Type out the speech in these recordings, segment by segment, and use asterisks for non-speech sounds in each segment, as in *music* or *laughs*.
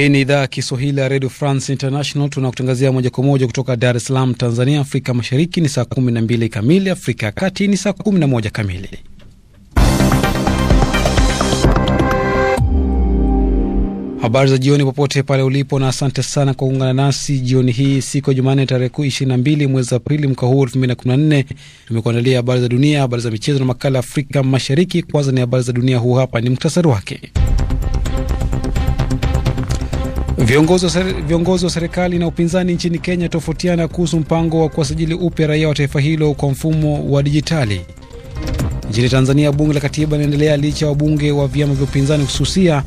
Hii ni idhaa ya Kiswahili ya redio France International. Tunakutangazia moja kwa moja kutoka Dar es Salaam, Tanzania. Afrika Mashariki ni saa 12 kamili, Afrika ya Kati ni saa 11 kamili. Habari za jioni popote pale ulipo, na asante sana kwa kuungana nasi jioni hii, siku ya Jumanne tarehe 22 mwezi Aprili mwaka huu elfu Tumekuandalia habari za dunia, habari za michezo na makala ya Afrika Mashariki. Kwanza ni habari za dunia, huu hapa ni mktasari wake. Viongozi wa serikali na upinzani nchini Kenya tofautiana kuhusu mpango wa kuwasajili upya raia wa taifa hilo kwa mfumo wa dijitali. Nchini Tanzania, bunge la katiba linaendelea licha ya wabunge wa vyama vya upinzani kususia,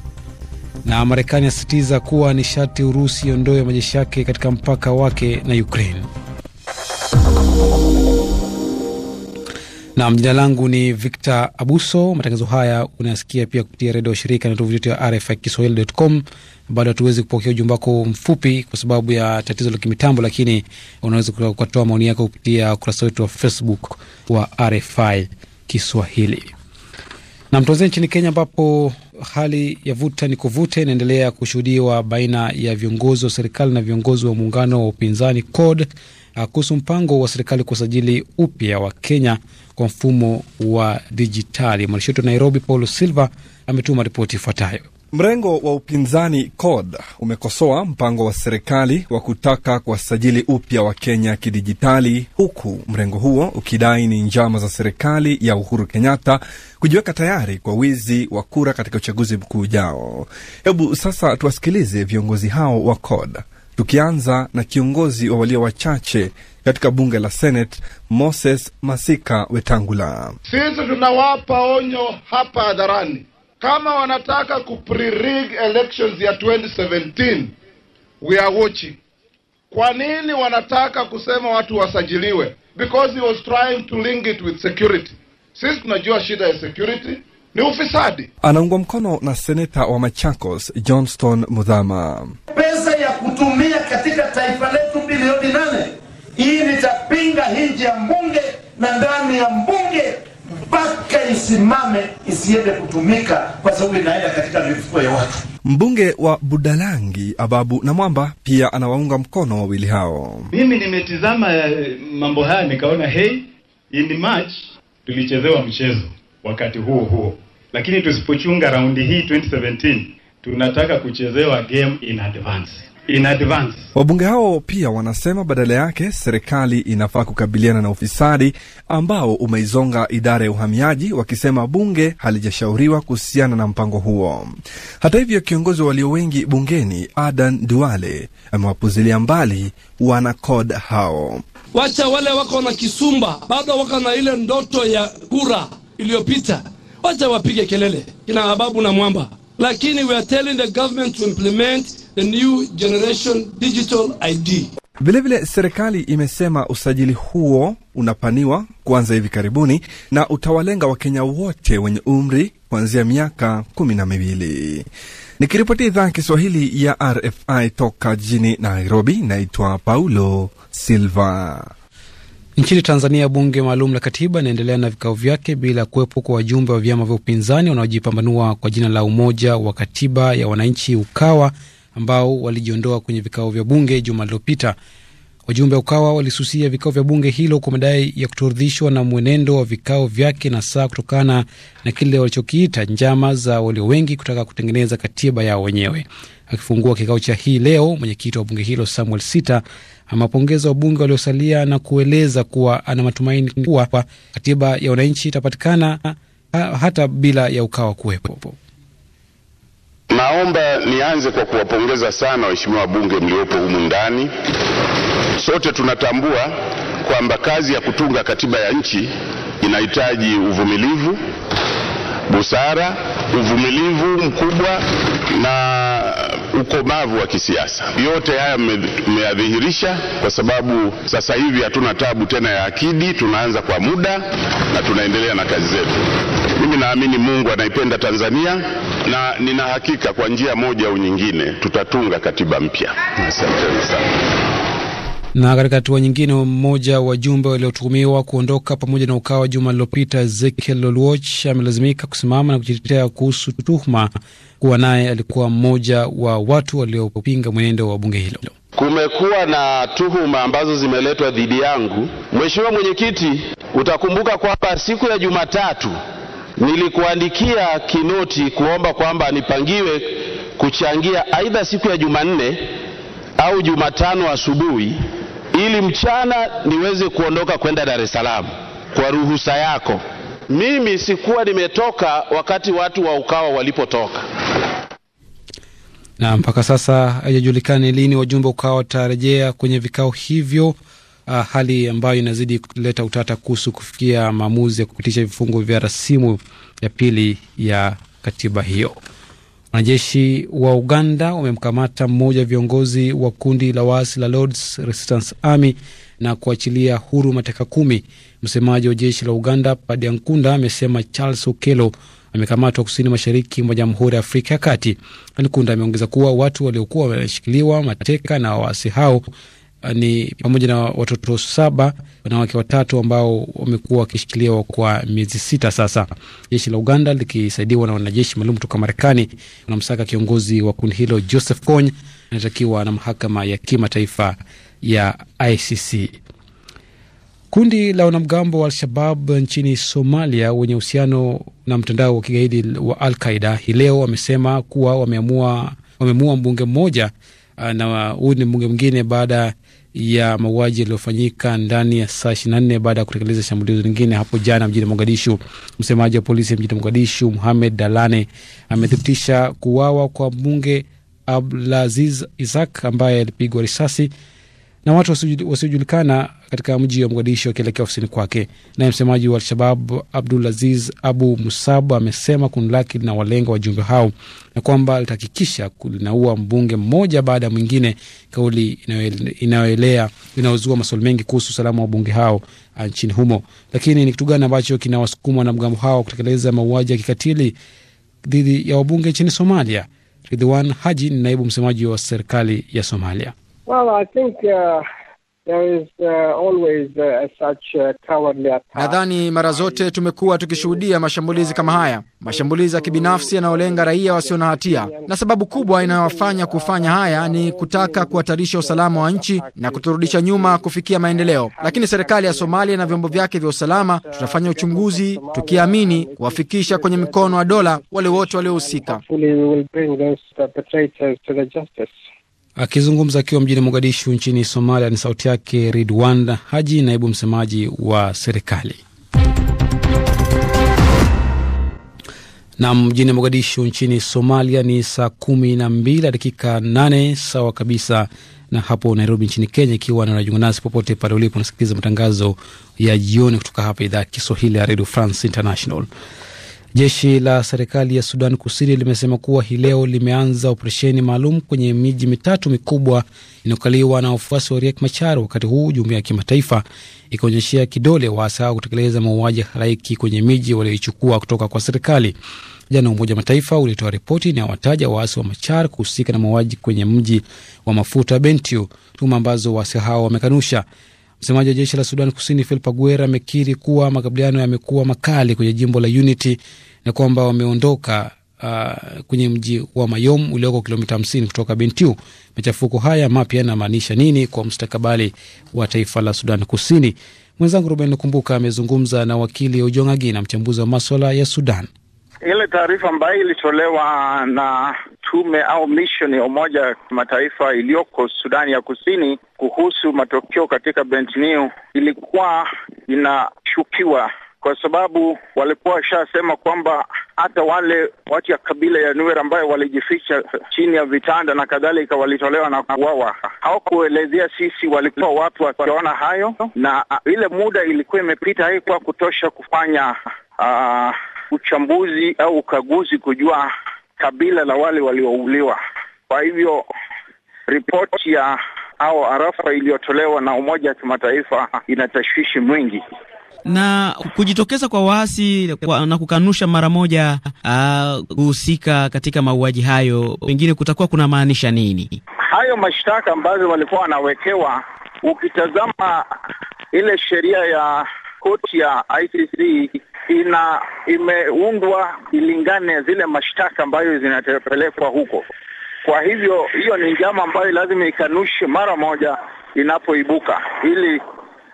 na Marekani asisitiza kuwa ni sharti Urusi iondoe majeshi yake katika mpaka wake na Ukraine. Nam, jina langu ni Victor Abuso. Matangazo haya unayasikia pia kupitia redio shirika na tovuti ya RFI Kiswahili.com. Bado hatuwezi kupokea ujumbe wako mfupi kwa sababu ya tatizo la kimitambo, lakini unaweza ukatoa maoni yako kupitia ukurasa wetu wa Facebook wa RFI Kiswahili. Nam, tuanzia nchini Kenya ambapo hali ya vuta ni kuvute inaendelea kushuhudiwa baina ya viongozi wa serikali na viongozi wa muungano wa upinzani CORD ah, kuhusu mpango wa serikali kusajili upya wa Kenya kwa mfumo wa dijitali. Mwandishi wetu Nairobi, Paulo Silva, ametuma ripoti ifuatayo. Mrengo wa upinzani CORD umekosoa mpango wa serikali wa kutaka kuwasajili upya wa Kenya kidijitali, huku mrengo huo ukidai ni njama za serikali ya Uhuru Kenyatta kujiweka tayari kwa wizi wa kura katika uchaguzi mkuu ujao. Hebu sasa tuwasikilize viongozi hao wa CORD, tukianza na kiongozi wa walio wachache katika bunge la Senate Moses Masika Wetangula. Sisi tunawapa onyo hapa hadharani, kama wanataka kupririg elections ya 2017 we are watching. Kwa nini wanataka kusema watu wasajiliwe? Because he was trying to link it with security. Sisi tunajua shida ya security ni ufisadi. Anaungwa mkono na seneta wa Machakos Johnston Mudhama. Pesa ya kutumia katika taifa letu bilioni nane hii nitapinga hii ya mbunge na ndani ya mbunge mpaka isimame isiende kutumika, kwa sababu inaenda katika mifuko ya watu. Mbunge wa Budalangi Ababu na Mwamba pia anawaunga mkono wawili hao. Mimi nimetizama eh, mambo haya nikaona, hei, in March tulichezewa mchezo wakati huo huo, lakini tusipochunga raundi hii 2017 tunataka kuchezewa game in advance in advance. Wabunge hao pia wanasema badala yake serikali inafaa kukabiliana na ufisadi ambao umeizonga idara ya uhamiaji, wakisema bunge halijashauriwa kuhusiana na mpango huo. Hata hivyo, kiongozi wa walio wengi bungeni Adan Duale amewapuzilia mbali wanakod hao. Wacha wale wako na kisumba bado wako na ile ndoto ya kura iliyopita, wacha wapige kelele kina Ababu na Mwamba, lakini we are telling the government to implement the new generation digital ID. Vilevile serikali imesema usajili huo unapaniwa kuanza hivi karibuni na utawalenga Wakenya wote wenye umri kuanzia miaka kumi na miwili. Nikiripoti idhaa ya Kiswahili ya RFI toka jijini Nairobi, naitwa Paulo Silva. Nchini Tanzania, bunge maalum la katiba inaendelea na vikao vyake bila kuwepo kwa wajumbe wa vyama vya upinzani wanaojipambanua kwa jina la Umoja wa Katiba ya Wananchi, UKAWA, ambao walijiondoa kwenye vikao vya bunge juma lililopita. Wajumbe wa Ukawa walisusia vikao vya bunge hilo kwa madai ya kutoridhishwa na mwenendo wa vikao vyake na saa kutokana na kile walichokiita njama za walio wengi kutaka kutengeneza katiba yao wenyewe. Akifungua kikao cha hii leo, mwenyekiti wa bunge hilo Samuel Sita amewapongeza wabunge waliosalia na kueleza kuwa ana matumaini kuwa katiba ya wananchi itapatikana hata bila ya Ukawa kuwepo. Naomba nianze kwa kuwapongeza sana waheshimiwa wabunge mliopo humu ndani. Sote tunatambua kwamba kazi ya kutunga katiba ya nchi inahitaji uvumilivu, busara, uvumilivu mkubwa na ukomavu wa kisiasa. Yote haya mmeyadhihirisha, kwa sababu sasa hivi hatuna tabu tena ya akidi. Tunaanza kwa muda na tunaendelea na kazi zetu. Mimi naamini Mungu anaipenda Tanzania na nina hakika kwa njia moja au nyingine tutatunga katiba mpya. Asanteni sana. Na katika hatua nyingine, mmoja wa jumbe waliotuhumiwa kuondoka pamoja na Ukawa juma lililopita, Ezekiel Oluoch amelazimika kusimama na kujitetea kuhusu tuhuma kuwa naye alikuwa mmoja wa watu waliopinga mwenendo wa bunge hilo. Kumekuwa na tuhuma ambazo zimeletwa dhidi yangu. Mheshimiwa Mwenyekiti, utakumbuka kwamba siku ya Jumatatu nilikuandikia kinoti kuomba kwamba nipangiwe kuchangia aidha siku ya Jumanne au Jumatano asubuhi ili mchana niweze kuondoka kwenda Dar es Salaam kwa ruhusa yako. Mimi sikuwa nimetoka wakati watu wa Ukawa walipotoka. Na mpaka sasa haijajulikani lini wajumbe Ukawa watarejea kwenye vikao hivyo. Uh, hali ambayo inazidi kuleta utata kuhusu kufikia maamuzi ya kupitisha vifungu vya rasimu ya pili ya katiba hiyo. Wanajeshi wa Uganda wamemkamata mmoja wa viongozi wa kundi la waasi la Lords Resistance Army na kuachilia huru mateka kumi. Msemaji wa jeshi la Uganda Padia amesema Charles Okelo amekamatwa kusini mashariki mwa Jamhuri ya Afrika ya Kati. Nkunda ameongeza kuwa watu waliokuwa wameshikiliwa mateka na waasi hao ni pamoja na watoto saba, wanawake watatu ambao wamekuwa wakishikiliwa kwa miezi sita sasa. Jeshi la Uganda likisaidiwa na wanajeshi maalum kutoka Marekani wanamsaka kiongozi wa kundi hilo Joseph Kony anatakiwa na mahakama ya kimataifa ya ICC. Kundi la wanamgambo wa Al-Shabab nchini Somalia wenye uhusiano na mtandao wa kigaidi wa Al-Qaida hii leo wamesema kuwa wameamua mbunge mmoja na huyu ni mbunge mwingine baada ya mauaji yaliyofanyika ndani ya saa ishirini na nne baada ya kutekeleza shambulizi lingine hapo jana mjini Mogadishu. Msemaji wa polisi mjini Mogadishu, Muhamed Dalane, amethibitisha kuwawa kwa mbunge Abdulaziz Isak ambaye alipigwa risasi na watu wasiojulikana katika mji wa Mogadishu wakielekea ofisini kwake. Naye msemaji wa Al-Shabab Aziz Abu Musab amesema kundi lake lina walenga wajumbe hao na kwamba litahakikisha linaua mbunge mmoja baada ya mwingine, kauli inayoelea inayozua maswali mengi kuhusu usalama wa wabunge hao ah, nchini humo. Lakini ni kitu gani ambacho kinawasukuma wanamgambo hao kutekeleza mauaji ya kikatili dhidi ya wabunge nchini Somalia? Ridhwan Haji ni naibu msemaji wa serikali ya Somalia. Well, I think uh, there is uh, always uh, such uh, cowardly attack. Nadhani mara zote tumekuwa tukishuhudia mashambulizi kama haya, mashambulizi ya kibinafsi yanayolenga raia wasio na hatia, na sababu kubwa inayowafanya kufanya haya ni kutaka kuhatarisha usalama wa nchi na kuturudisha nyuma kufikia maendeleo. Lakini serikali ya Somalia na vyombo vyake vya usalama, tutafanya uchunguzi tukiamini kuwafikisha kwenye mikono wa dola wale wote waliohusika. Akizungumza akiwa mjini Mogadishu nchini Somalia. Ni sauti yake Ridwan Haji, naibu msemaji wa serikali. Na mjini Mogadishu nchini Somalia ni saa kumi na mbili dakika nane sawa kabisa na hapo Nairobi nchini Kenya. Ikiwa nanajunganasi nasi popote pale ulipo, unasikiliza matangazo ya jioni kutoka hapa idhaa ya Kiswahili ya Radio France International. Jeshi la serikali ya Sudan Kusini limesema kuwa hii leo limeanza operesheni maalum kwenye miji mitatu mikubwa inayokaliwa na wafuasi wa Riek Machar, wakati huu jumuiya ya kimataifa ikionyeshea kidole waasi hao kutekeleza mauaji ya halaiki kwenye miji walioichukua kutoka kwa serikali. Jana Umoja wa Mataifa ulitoa ripoti inayowataja waasi wa Machar kuhusika na mauaji kwenye mji wa mafuta Bentiu, tuhuma ambazo waasi hao wamekanusha. Msemaji wa jeshi la Sudan Kusini Philip Aguer amekiri kuwa makabiliano yamekuwa makali kwenye jimbo la Unity na kwamba wameondoka uh, kwenye mji wa Mayom ulioko kilomita 50 kutoka Bentiu. Machafuko haya mapya yanamaanisha nini kwa mustakabali wa taifa la Sudan Kusini? Mwenzangu Ruben Kumbuka amezungumza na wakili ujongagi na mchambuzi wa maswala ya Sudan. Ile taarifa ambayo ilitolewa na tume au mishoni ya Umoja wa Mataifa iliyoko Sudani ya Kusini kuhusu matokeo katika Bentiu ilikuwa inashukiwa kwa sababu walikuwa washasema kwamba hata wale watu ya kabila ya Nuer ambayo walijificha chini ya vitanda na kadhalika walitolewa na kuwawa. Hawakuelezea sisi walikuwa watu wakiona hayo, na ile muda ilikuwa imepita, haikuwa kutosha kufanya uh, uchambuzi au ukaguzi kujua kabila la wale waliouliwa. Kwa hivyo ripoti ya au arafa iliyotolewa na Umoja wa Kimataifa ina tashwishi mwingi na kujitokeza kwa waasi na kukanusha mara moja ah, kuhusika katika mauaji hayo, pengine kutakuwa kuna maanisha nini hayo mashtaka ambazo walikuwa wanawekewa? Ukitazama ile sheria ya koti ya ICC ina imeundwa ilingane zile mashtaka ambayo zinapelekwa huko. Kwa hivyo hiyo ni njama ambayo lazima ikanushe mara moja inapoibuka, ili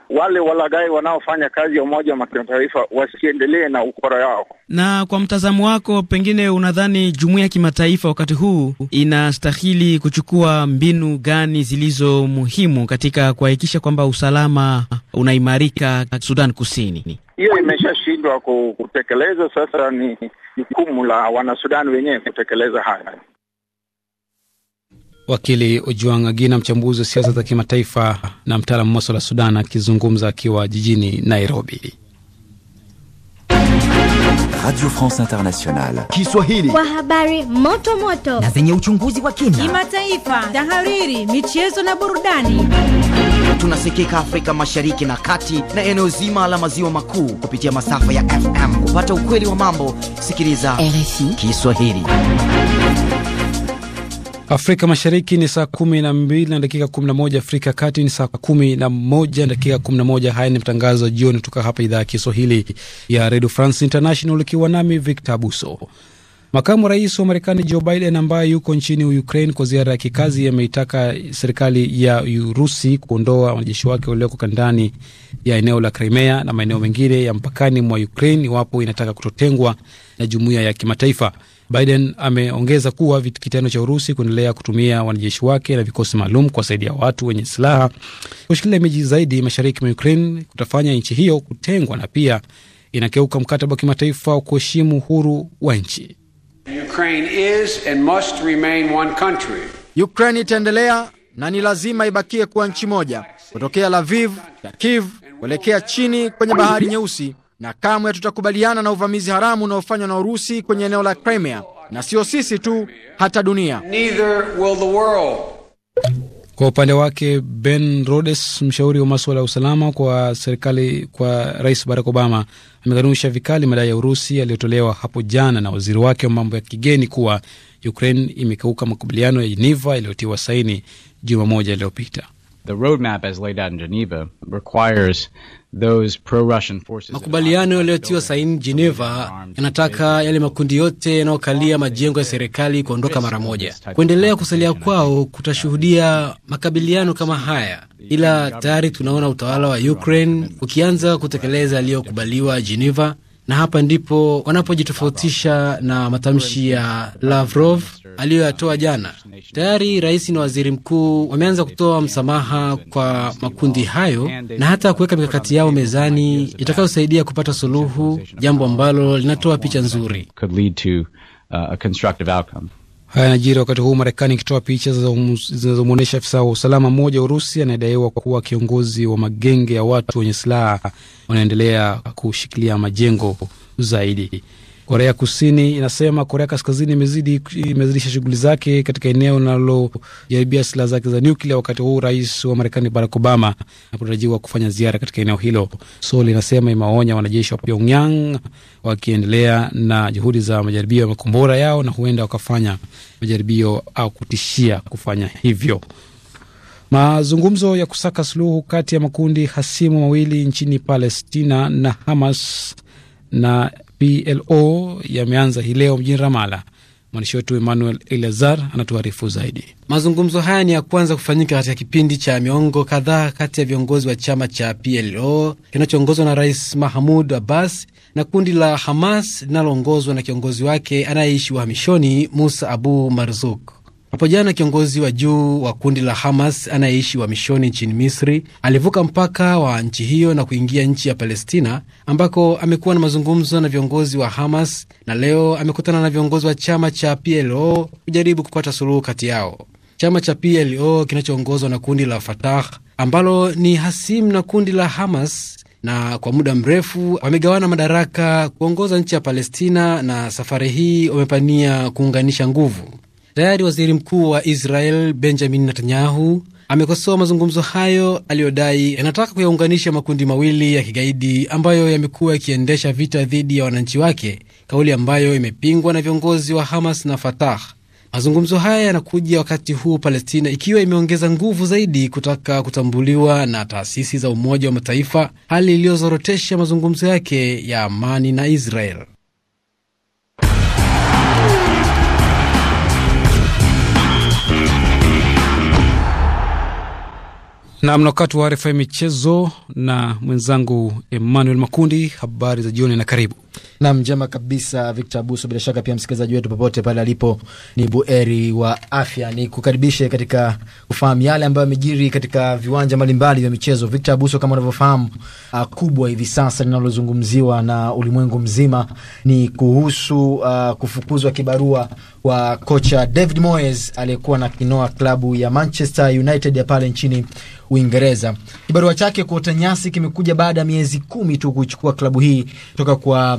wale walagai wanaofanya kazi ya Umoja wa Mataifa wasiendelee na ukora yao. Na kwa mtazamo wako, pengine unadhani jumuiya ya kimataifa wakati huu inastahili kuchukua mbinu gani zilizo muhimu katika kuhakikisha kwamba usalama unaimarika Sudan Kusini? Hiyo imeshashindwa kutekeleza, sasa ni jukumu la wanasudani wenyewe kutekeleza haya. Wakili Ojuang Agina, mchambuzi wa siasa za kimataifa na mtaalamu wa maswala ya Sudan, akizungumza akiwa jijini Nairobi. Radio France Internationale Kiswahili, kwa habari moto moto na zenye uchunguzi wa kina, kimataifa, tahariri, michezo na burudani. Tunasikika Afrika Mashariki na Kati na eneo zima la maziwa makuu kupitia masafa ya FM. Kupata ukweli wa mambo, sikiliza RFI Kiswahili. Afrika Mashariki ni saa kumi na mbili na dakika kumi na moja Afrika Kati ni saa kumi na moja na dakika kumi na moja Haya ni matangazo ya jioni kutoka hapa idhaa ya Kiswahili ya Redio France International, ikiwa nami Victor Abuso. Makamu rais wa Marekani Joe Biden ambaye yuko nchini Ukraine kwa ziara ya kikazi ameitaka serikali ya Urusi kuondoa wanajeshi wake walioko kandani ya eneo la Crimea na maeneo mengine ya mpakani mwa Ukraine iwapo inataka kutotengwa na jumuiya ya kimataifa. Biden ameongeza kuwa kitendo cha Urusi kuendelea kutumia wanajeshi wake na vikosi maalum kuwasaidia watu wenye silaha kushikilia miji zaidi mashariki mwa Ukraine kutafanya nchi hiyo kutengwa na pia inakeuka mkataba wa kimataifa wa kuheshimu uhuru wa nchi. Ukraine itaendelea na ni lazima ibakie kuwa nchi moja, kutokea Lviv, Kyiv kuelekea chini kwenye bahari nyeusi na kamwe tutakubaliana na uvamizi haramu unaofanywa na Urusi kwenye eneo la Crimea, na sio sisi tu, hata dunia. Kwa upande wake Ben Rhodes, mshauri wa masuala ya usalama kwa serikali kwa Rais Barack Obama, amekanusha vikali madai ya Urusi yaliyotolewa hapo jana na waziri wake wa mambo ya kigeni kuwa Ukraine imekeuka makubaliano ya Geneva yaliyotiwa saini juma moja iliyopita. The roadmap as laid out in Geneva requires those pro-Russian forces. Makubaliano yaliyotiwa saini Geneva yanataka yale makundi yote yanayokalia majengo ya serikali kuondoka mara moja. Kuendelea kusalia kwao kutashuhudia makabiliano kama haya, ila tayari tunaona utawala wa Ukraine ukianza kutekeleza yaliyokubaliwa Geneva na hapa ndipo wanapojitofautisha na matamshi ya Lavrov aliyoyatoa jana. Tayari rais na waziri mkuu wameanza kutoa msamaha kwa makundi hayo na hata kuweka mikakati yao mezani itakayosaidia kupata suluhu, jambo ambalo linatoa picha nzuri. Haya yanajiri wakati huu Marekani ikitoa picha zinazomwonyesha afisa wa usalama mmoja Urusi anayedaiwa kuwa kiongozi wa magenge ya watu wenye silaha wanaendelea kushikilia majengo zaidi. Korea Kusini inasema Korea Kaskazini imezidi imezidisha shughuli zake katika eneo linalojaribia silaha zake za nyuklia, wakati huu rais wa Marekani Barack Obama anapotarajiwa kufanya ziara katika eneo hilo. Seoul inasema imewaonya wanajeshi wa Pyongyang wakiendelea na juhudi za majaribio ya makombora yao, na huenda wakafanya majaribio au kutishia kufanya hivyo. Mazungumzo ya kusaka suluhu kati ya makundi hasimu mawili nchini Palestina na Hamas na PLO yameanza hii leo mjini Ramala. Mwandishi wetu Emmanuel Elazar anatuarifu zaidi. Mazungumzo haya ni ya kwanza kufanyika katika kipindi cha miongo kadhaa kati ya viongozi wa chama cha PLO kinachoongozwa na Rais Mahamud Abbas na kundi la Hamas linaloongozwa na kiongozi wake anayeishi uhamishoni Musa Abu Marzuk. Hapo jana kiongozi wa juu wa kundi la Hamas anayeishi mishoni nchini Misri alivuka mpaka wa nchi hiyo na kuingia nchi ya Palestina, ambako amekuwa na mazungumzo na viongozi wa Hamas na leo amekutana na viongozi wa chama cha PLO kujaribu kupata suluhu kati yao. Chama cha PLO kinachoongozwa na kundi la Fatah ambalo ni hasimu na kundi la Hamas na kwa muda mrefu wamegawana madaraka kuongoza nchi ya Palestina, na safari hii wamepania kuunganisha nguvu. Tayari waziri mkuu wa Israel Benjamin Netanyahu amekosoa mazungumzo hayo aliyodai yanataka kuyaunganisha makundi mawili ya kigaidi ambayo yamekuwa yakiendesha vita dhidi ya wananchi wake, kauli ambayo imepingwa na viongozi wa Hamas na Fatah. Mazungumzo haya yanakuja wakati huu Palestina ikiwa imeongeza nguvu zaidi kutaka kutambuliwa na taasisi za Umoja wa Mataifa, hali iliyozorotesha mazungumzo yake ya amani na Israel. Nam na wakati wa RFI michezo na mwenzangu Emmanuel Makundi. Habari za jioni na karibu. Nam njema kabisa, Victor Abuso. Bila shaka pia msikilizaji wetu popote pale alipo ni buheri wa afya. Ni kukaribishe katika kufahamu yale ambayo yamejiri katika viwanja mbalimbali vya michezo. Victor Abuso, kama unavyofahamu, uh, kubwa hivi sasa linalozungumziwa na ulimwengu mzima ni kuhusu uh, kufukuzwa kibarua wa kocha David Moyes aliyekuwa na kinoa klabu ya Manchester United ya pale nchini Uingereza. Kibarua chake kuota nyasi kimekuja baada ya miezi kumi tu kuchukua klabu hii toka kwa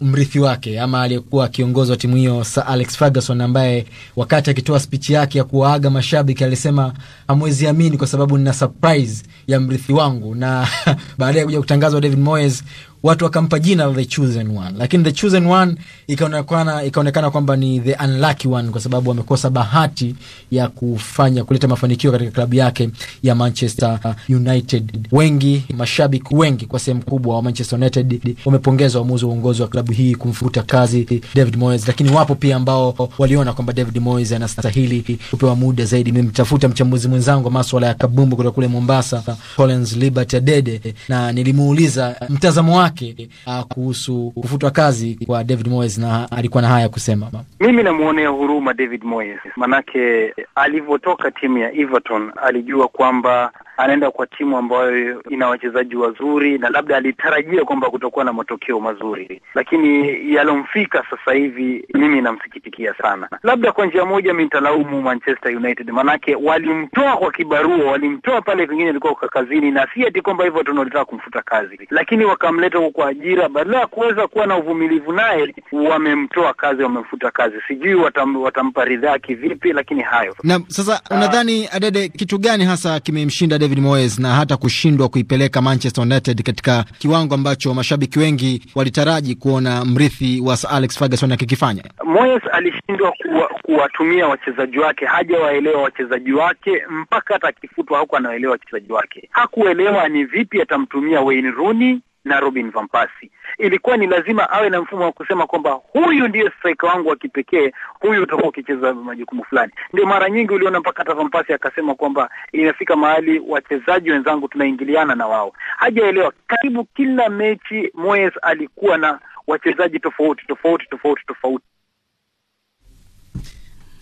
mrithi wake ama aliyekuwa akiongozwa timu hiyo Sir Alex Ferguson, ambaye wakati akitoa spichi yake ya kuwaaga mashabiki alisema hamwezi amini, kwa sababu nina surprise ya mrithi wangu, na *laughs* baadaye kuja kutangazwa David Moyes watu wakampa jina the chosen one, lakini the chosen one ikaonekana ikaonekana kwamba ni the unlucky one, kwa sababu amekosa bahati ya kufanya kuleta mafanikio katika klabu yake ya Manchester United. Wengi mashabiki wengi kwa sehemu kubwa wa Manchester United wamepongeza uamuzi wa uongozi wa klabu klabu hii kumfuta kazi David Moyes, lakini wapo pia ambao waliona kwamba David Moyes anastahili kupewa muda zaidi. Nimemtafuta mchambuzi mwenzangu maswala ya kabumbu kutoka kule Mombasa, Collins Liberty Adede, na nilimuuliza mtazamo wake ah, kuhusu kufutwa kazi kwa David Moyes na alikuwa na haya kusema. Mimi namwonea huruma David Moyes, manake alivyotoka timu ya Everton alijua kwamba anaenda kwa timu ambayo ina wachezaji wazuri, na labda alitarajia kwamba kutokuwa na matokeo mazuri, lakini yalomfika sasa hivi mimi namsikitikia sana. Labda kwa njia moja mi nitalaumu Manchester United, maanake walimtoa kwa kibarua, walimtoa pale, pengine alikuwa kazini, na si ati kwamba hivyo tunalitaka kumfuta kazi, lakini wakamleta kwa ajira, badala ya kuweza kuwa na uvumilivu naye wamemtoa kazi, wamemfuta kazi. Sijui watam, watampa ridhaa kivipi, lakini hayo na sasa. Ah. Unadhani Adede, kitu gani hasa kimemshinda David Moyes na hata kushindwa kuipeleka Manchester United katika kiwango ambacho mashabiki wengi walitaraji kuona mrithi wa Sir Alex Ferguson akikifanya. Moyes alishindwa kuwatumia kuwa wachezaji wake, hajawaelewa wachezaji wake mpaka hata akifutwa huko anaelewa wachezaji wake. Hakuelewa ni vipi atamtumia Wayne Rooney na Robin van Persie ilikuwa ni lazima awe na mfumo wa kusema kwamba huyu ndiye striker wangu wa kipekee, huyu utakuwa ukicheza majukumu fulani. Ndio mara nyingi uliona mpaka hata akasema kwamba inafika mahali wachezaji wenzangu tunaingiliana na wao. Hajaelewa, karibu kila mechi Moyes alikuwa na wachezaji tofauti tofauti tofauti tofauti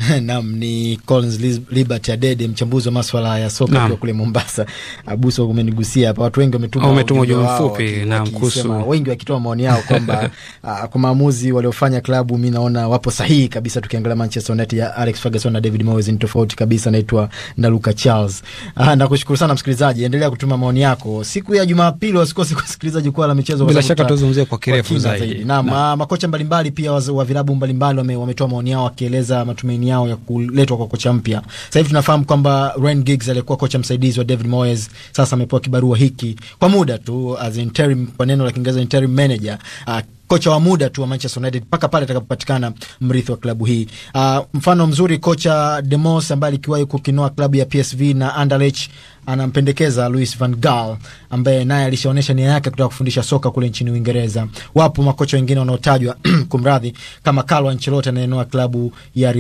*laughs* Naam, ni Collins Liberty Adede, mchambuzi wa maswala ya soka kwa kule Mombasa. Abuso, umenigusia hapa, watu wengi wametuma umetuma ujumbe mfupi, na mkusu, wengi wakitoa maoni yao kwamba *laughs* ah, kwa maamuzi waliofanya klabu, mimi naona wapo sahihi kabisa. Tukiangalia Manchester United ya Alex Ferguson na David Moyes ni tofauti kabisa. Naitwa Ndaluka Charles. Ah, nakushukuru sana msikilizaji, endelea kutuma maoni yako. Siku ya Jumapili wasikose kusikiliza jukwaa la michezo, bila shaka tuzungumzie kwa kirefu zaidi. Naam, ah, makocha mbalimbali pia wa vilabu mbalimbali wametoa maoni yao wakieleza matumaini yao ya kuletwa kwa kocha mpya. Sasa hivi tunafahamu kwamba Ryan Giggs alikuwa kocha msaidizi wa David Moyes sasa amepewa kibarua hiki kwa muda tu as interim, kwa neno la Kiingereza interim manager uh, kocha wa muda tu wa Manchester United mpaka pale atakapopatikana mrithi wa klabu hii. Uh, mfano mzuri kocha Demos ambaye alikiwahi kukinoa klabu ya PSV na Anderlecht anampendekeza Louis van Gaal ambaye naye alishaonyesha nia yake kutaka kufundisha soka kule nchini Uingereza. Wapo makocha wengine wanaotajwa kumradhi, kama Carlo Ancelotti anayenoa klabu ya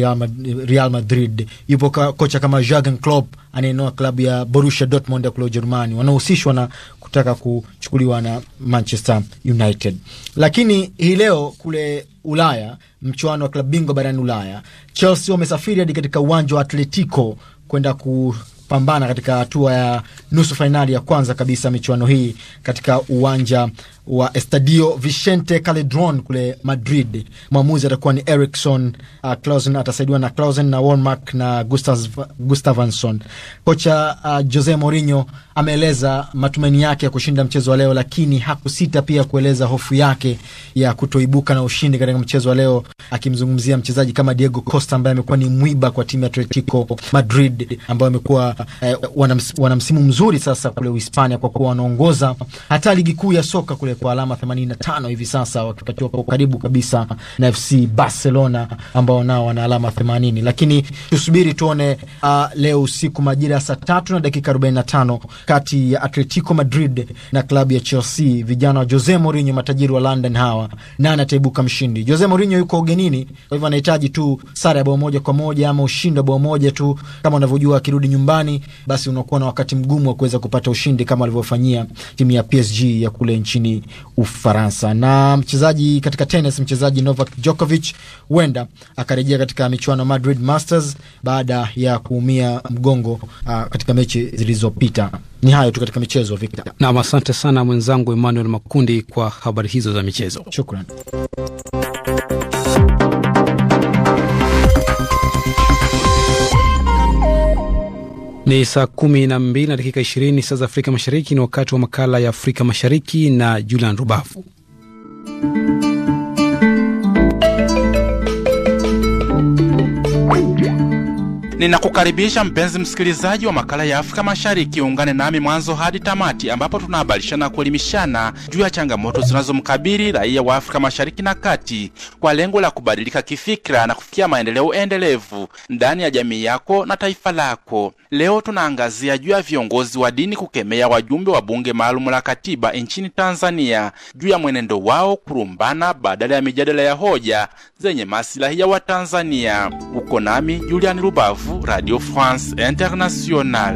Real Madrid, yupo kocha kama Jurgen Klopp anayenoa klabu ya Borussia Dortmund ya kule Ujerumani, wanahusishwa na kutaka kuchukuliwa na Manchester United. Lakini hii leo kule Ulaya, mchuano wa klabu bingwa barani Ulaya, Chelsea wamesafiri hadi katika uwanja wa Atletico kwenda ku pambana katika hatua ya nusu fainali ya kwanza kabisa michuano hii katika uwanja wa Estadio Vicente Calderon kule Madrid. Mwamuzi atakuwa ni Erikson uh, Clausen, atasaidiwa na Clausen na Walmark na Gustavanson. Kocha uh, Jose Mourinho ameeleza matumaini yake ya kushinda mchezo wa leo, lakini hakusita pia kueleza hofu yake ya kutoibuka na ushindi katika mchezo wa leo, akimzungumzia mchezaji kama Diego Costa ambaye amekuwa ni mwiba kwa timu ya Atletico Madrid ambayo amekuwa eh, wana msimu mzuri sasa kule Uhispania kwa kuwa wanaongoza hata ligi kuu ya soka kule wenyewe eh, kwa alama 85 hivi sasa, wakipatiwa kwa karibu kabisa na FC Barcelona ambao nao wana alama 80, lakini tusubiri tuone uh, leo usiku majira ya saa tatu na dakika 45 kati ya Atletico Madrid na klabu ya Chelsea, vijana wa Jose Mourinho, matajiri wa London hawa, nani ataibuka mshindi? Jose Mourinho yuko ugenini, kwa hivyo anahitaji tu sare ya bao moja kwa moja ama ushindi wa bao moja tu. Kama unavyojua, akirudi nyumbani, basi unakuwa na wakati mgumu wa kuweza kupata ushindi kama alivyofanyia timu ya PSG ya kule nchini Ufaransa. Na mchezaji katika tenis, mchezaji Novak Djokovic huenda akarejea katika michuano Madrid Masters baada ya kuumia mgongo uh, katika mechi zilizopita. Ni hayo tu katika michezo, Victor. Nam, asante sana mwenzangu Emmanuel Makundi kwa habari hizo za michezo, shukran. Ni saa kumi na mbili na dakika ishirini saa za Afrika Mashariki. Ni wakati wa makala ya Afrika Mashariki na Julian Rubavu. Ninakukaribisha mpenzi msikilizaji wa makala ya Afrika Mashariki, ungane nami mwanzo hadi tamati, ambapo tunahabarishana kuelimishana juu ya changamoto zinazomkabili raia wa Afrika Mashariki na Kati kwa lengo la kubadilika kifikira na kufikia maendeleo endelevu ndani ya jamii yako na taifa lako. Leo tunaangazia juu ya viongozi wa dini kukemea wajumbe wa bunge maalumu la katiba nchini Tanzania juu ya mwenendo wao kurumbana badala ya mijadala ya hoja zenye masilahi ya Watanzania. Uko nami Julian Rubavu vous Radio France International.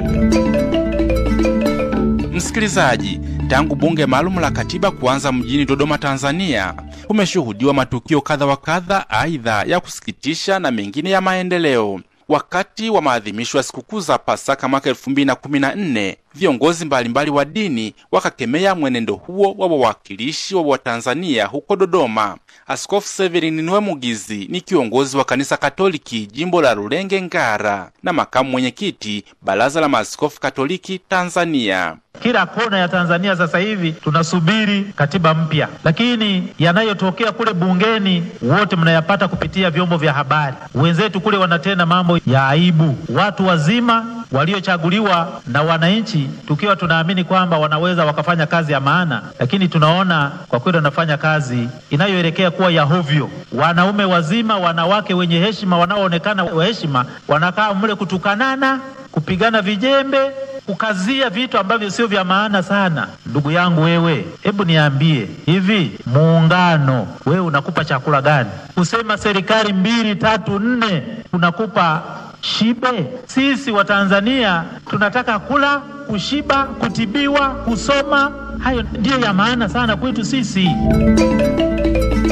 Msikilizaji, tangu bunge maalum la katiba kuanza mjini Dodoma, Tanzania, kumeshuhudiwa matukio kadha wa kadha, aidha ya kusikitisha na mengine ya maendeleo. Wakati wa maadhimisho ya sikukuu za Pasaka mwaka 2014 viongozi mbalimbali wa dini wakakemea mwenendo huo wa wawakilishi wa Watanzania huko Dodoma. Askofu Severini Nwemugizi ni kiongozi wa kanisa Katoliki jimbo la Rulenge Ngara na makamu mwenyekiti Baraza la Maaskofu Katoliki Tanzania. Kila kona ya Tanzania sasa hivi tunasubiri katiba mpya, lakini yanayotokea kule bungeni wote mnayapata kupitia vyombo vya habari. Wenzetu kule wanatenda mambo ya aibu. Watu wazima waliochaguliwa na wananchi, tukiwa tunaamini kwamba wanaweza wakafanya kazi ya maana, lakini tunaona kwa kweli wanafanya kazi inayoelekea kuwa ya hovyo. Wanaume wazima, wanawake wenye heshima, wanaoonekana wa heshima, wanakaa mle kutukanana, kupigana vijembe kukazia vitu ambavyo sio vya maana sana. Ndugu yangu wewe, hebu niambie hivi, muungano wewe unakupa chakula gani? Kusema serikali mbili tatu nne unakupa shibe? Sisi Watanzania tunataka kula, kushiba, kutibiwa, kusoma. Hayo ndiyo ya maana sana kwetu sisi.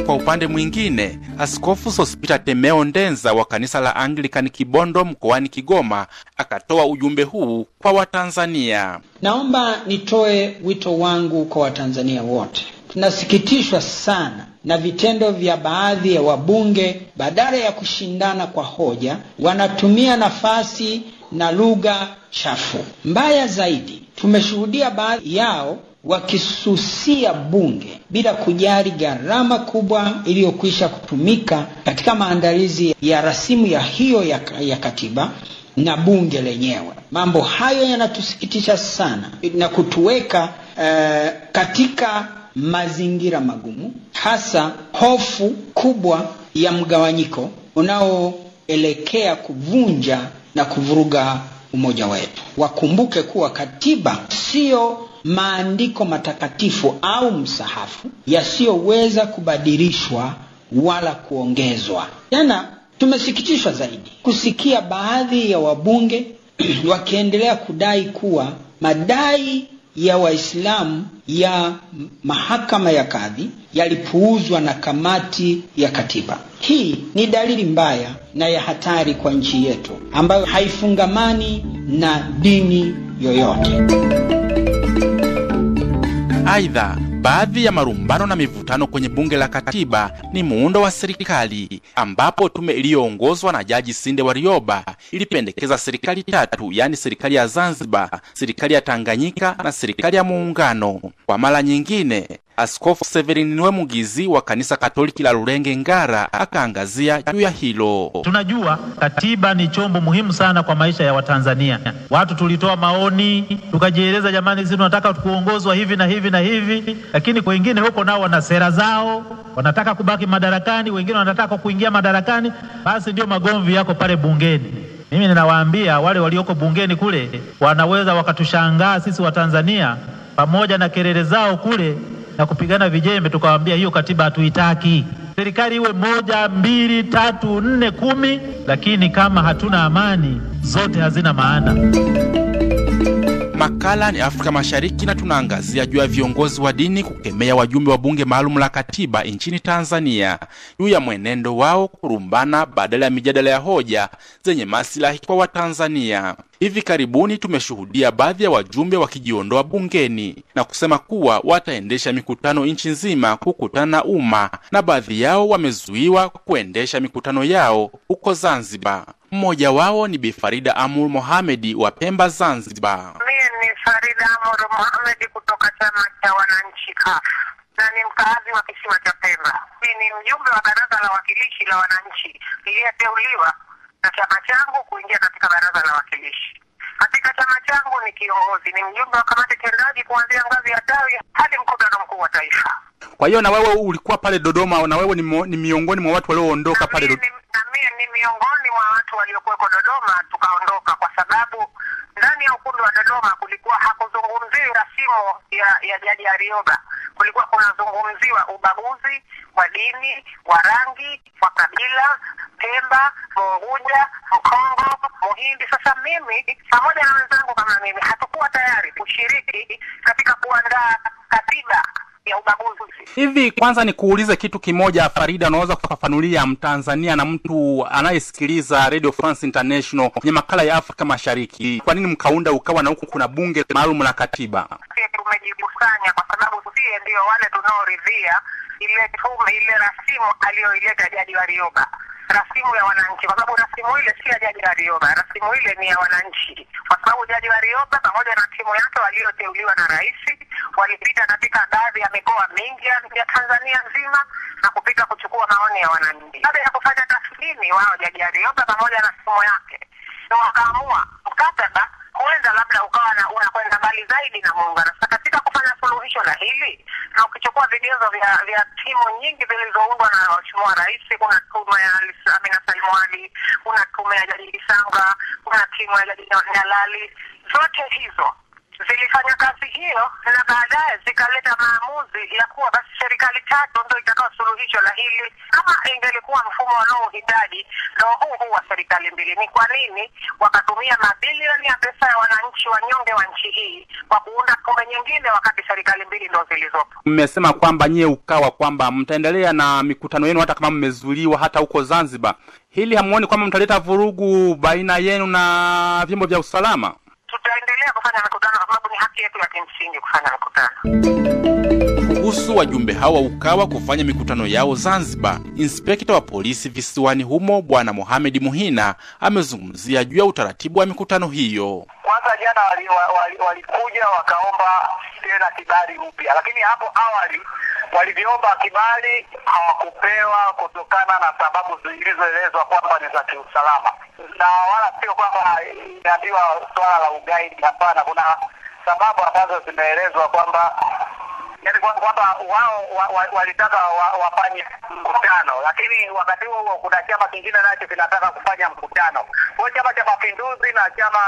Kwa upande mwingine, Askofu sospita Temeo Ndenza wa kanisa la Anglikani Kibondo mkoani Kigoma akatoa ujumbe huu kwa Watanzania. Naomba nitoe wito wangu kwa Watanzania wote. Tunasikitishwa sana na vitendo vya baadhi ya wabunge, badala ya kushindana kwa hoja, wanatumia nafasi na lugha chafu. Mbaya zaidi, tumeshuhudia baadhi yao wakisusia bunge bila kujali gharama kubwa iliyokwisha kutumika katika maandalizi ya rasimu ya hiyo ya, ya katiba na bunge lenyewe. Mambo hayo yanatusikitisha sana na kutuweka uh, katika mazingira magumu, hasa hofu kubwa ya mgawanyiko unaoelekea kuvunja na kuvuruga umoja wetu. Wakumbuke kuwa katiba sio maandiko matakatifu au msahafu yasiyoweza kubadilishwa wala kuongezwa. Jana tumesikitishwa zaidi kusikia baadhi ya wabunge *clears throat* wakiendelea kudai kuwa madai ya Waislamu ya mahakama ya kadhi yalipuuzwa na kamati ya katiba. Hii ni dalili mbaya na ya hatari kwa nchi yetu ambayo haifungamani na dini yoyote. Aidha, baadhi ya marumbano na mivutano kwenye bunge la katiba ni muundo wa serikali, ambapo tume iliyoongozwa na Jaji Sinde Warioba ilipendekeza serikali tatu, yaani serikali ya Zanzibar, serikali ya Tanganyika na serikali ya Muungano. Kwa mara nyingine, Askofu Severin Niwemugizi wa kanisa Katoliki la Rurenge Ngara akaangazia juu ya hilo. Tunajua katiba ni chombo muhimu sana kwa maisha ya Watanzania. Watu tulitoa maoni, tukajieleza, jamani, sisi tunataka kuongozwa hivi na hivi na hivi, lakini wengine huko nao wana sera zao, wanataka kubaki madarakani, wengine wanataka kuingia madarakani, basi ndio magomvi yako pale bungeni. Mimi ninawaambia wale walioko bungeni kule wanaweza wakatushangaa sisi Watanzania pamoja na kelele zao kule na kupigana vijembe, tukawaambia hiyo katiba hatuitaki. Serikali iwe moja, mbili, tatu, nne, kumi, lakini kama hatuna amani, zote hazina maana makala ni Afrika Mashariki na tunaangazia juu ya viongozi wa dini kukemea wajumbe wa bunge maalum la katiba nchini Tanzania juu ya mwenendo wao kurumbana badala ya mijadala ya hoja zenye maslahi kwa Watanzania. Hivi karibuni tumeshuhudia baadhi ya wajumbe wakijiondoa bungeni na kusema kuwa wataendesha mikutano nchi nzima kukutana na umma, na baadhi yao wamezuiwa kuendesha mikutano yao huko Zanzibar. Mmoja wao ni Bi Farida Amur Mohamedi wa Pemba, Zanzibar. Mimi ni Farida Amur Mohamedi kutoka chama cha wananchi kafu na ni mkaazi wa kisima cha Pemba. Mimi ni mjumbe wa baraza la wakilishi la wananchi iliyeteuliwa na chama changu kuingia katika baraza la wakilishi. Katika chama changu ni kiongozi, ni mjumbe wa kamati tendaji kuanzia ngazi ya tawi hadi mkutano mkuu wa taifa. Kwa hiyo na wewe ulikuwa pale Dodoma, na wewe ni, mo, ni miongoni mwa watu walioondoka pale Dodoma. Samia ni miongoni mwa watu waliokuweko Dodoma, tukaondoka kwa sababu ndani ya ukundu wa Dodoma kulikuwa hakuzungumziwi rasimu ya ya Jaji Arioba, kulikuwa kunazungumziwa ubaguzi wa dini, wa rangi, wa kabila, Pemba, Munguja, Mkongo, Muhindi. Sasa mimi pamoja na wenzangu kama mimi hatukuwa tayari kushiriki katika kuandaa katiba ya ubaguzi. Hivi kwanza ni kuulize kitu kimoja, Farida, unaweza kufafanulia Mtanzania na mtu anayesikiliza Radio France International kwenye makala ya Afrika Mashariki, kwa nini mkaunda ukawa na huku kuna bunge maalum na katiba? Tumejikusanya kwa sababu sie ndio wale tunaoridhia ile tume ile rasimu aliyoileta Jadi Warioba rasimu ya wananchi, kwa sababu rasimu ile si ya Jaji Warioba. Rasimu ile ni ya wananchi, kwa sababu Jaji Warioba pamoja na timu yake walioteuliwa na rais walipita katika baadhi ya mikoa mingi ya Tanzania nzima na kupita kuchukua maoni ya wananchi. Baada ya kufanya tathmini wao, Jaji Warioba pamoja na timu yake na wakaamua mkataba huenda labda ukawa na unakwenda mbali zaidi na muungano. Sasa katika kufanya suluhisho la hili, na ukichukua vigezo vya, vya timu nyingi zilizoundwa na Mheshimiwa Rais, kuna tume ya Amina Salim Ali, kuna tume ya Jaji Kisanga, kuna timu ya Jaji Nyalali, zote hizo zilifanya kazi hiyo na baadaye zikaleta maamuzi ya kuwa basi serikali tatu ndo itakao suluhisho la hili. Kama ingelikuwa mfumo wanaohitaji ndo huu huu wa serikali mbili, ni kwa nini wakatumia mabilioni ya pesa ya wananchi wanyonge wa nchi hii kwa kuunda tume nyingine, wakati serikali mbili ndo zilizopo? Mmesema kwamba nyie ukawa kwamba mtaendelea na mikutano yenu hata kama mmezuiliwa hata huko Zanzibar. Hili hamuoni kwamba mtaleta vurugu baina yenu na vyombo vya usalama? Tutaendelea kufanya mikutano yetu la kimsingi kufanya mkutano. Kuhusu wajumbe hao wa UKAWA kufanya mikutano yao Zanzibar, inspekta wa polisi visiwani humo Bwana Mohamed Muhina amezungumzia juu ya utaratibu wa mikutano hiyo. Kwanza jana walikuja wali, wali, wali wakaomba tena kibali upya, lakini hapo awali walivyoomba kibali hawakupewa kutokana na sababu zilizoelezwa kwamba ni za kiusalama, na wala sio kwamba inaambiwa swala la ugaidi. Hapana, kuna sababu ambazo zimeelezwa kwamba yani kwamba wao walitaka wafanye mkutano, lakini wakati huo huo kuna chama kingine nacho kinataka kufanya mkutano. Kwa chama cha mapinduzi na chama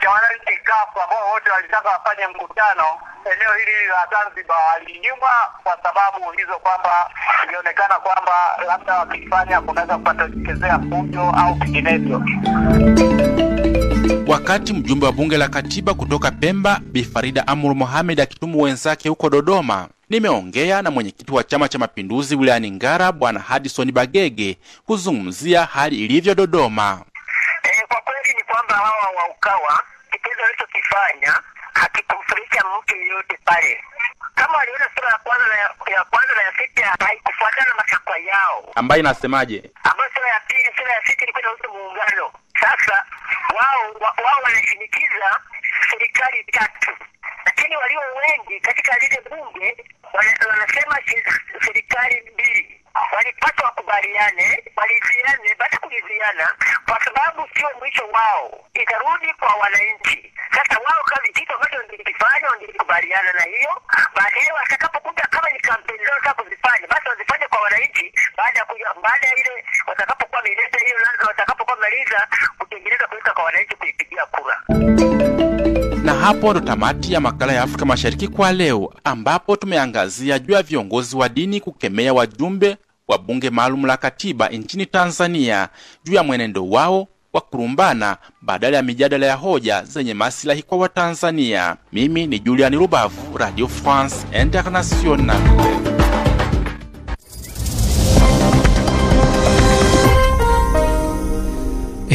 cha wananchi kafu ambao wote walitaka wafanye mkutano eneo hili la Zanzibar walinyuma kwa sababu hizo, kwamba ilionekana kwamba labda wakifanya kunaweza kuchezea fujo au kinginevyo. Wakati mjumbe wa bunge la katiba kutoka Pemba Bi Farida Amur Mohamed akitumu wenzake huko Dodoma, nimeongea na mwenyekiti wa Chama cha Mapinduzi wilayani Ngara Bwana Hadison Bagege kuzungumzia hali ilivyo Dodoma. E, kwa kweli ni kwamba hawa wa Ukawa kitendo alichokifanya hakikumfurahisha mtu yeyote pale kama waliona sura ya kwanza na ya kwanza na ya sita haikufuatana na matakwa yao, ambayo inasemaje, ambayo sura ya pili, sura ya sita ilikuwa inahusu muungano. Sasa wao wao wanashinikiza serikali tatu, lakini walio wengi katika lile bunge wanasema serikali mbili walipata wakubaliane, waliziane basi kuliziana, kwa sababu sio mwisho wao, itarudi kwa wananchi. Sasa wao kazi kitu ambacho nilikifanya nilikubaliana na hiyo, baadaye watakapokuja kama ni kampeni zao za kuzifanya, basi wazifanye kwa wananchi, baada ya kuja, baada ya ile watakapokuwa wameleta hiyo, watakapokuwa maliza kutengeneza, kuweka kwa wananchi kuipigia kura hapo ndo tamati ya makala ya Afrika Mashariki kwa leo, ambapo tumeangazia juu ya viongozi wa dini kukemea wajumbe wa bunge maalum la katiba nchini Tanzania juu ya mwenendo wao wa kurumbana badala ya mijadala ya hoja zenye masilahi kwa Watanzania. Mimi ni julian Rubavu, Radio France International.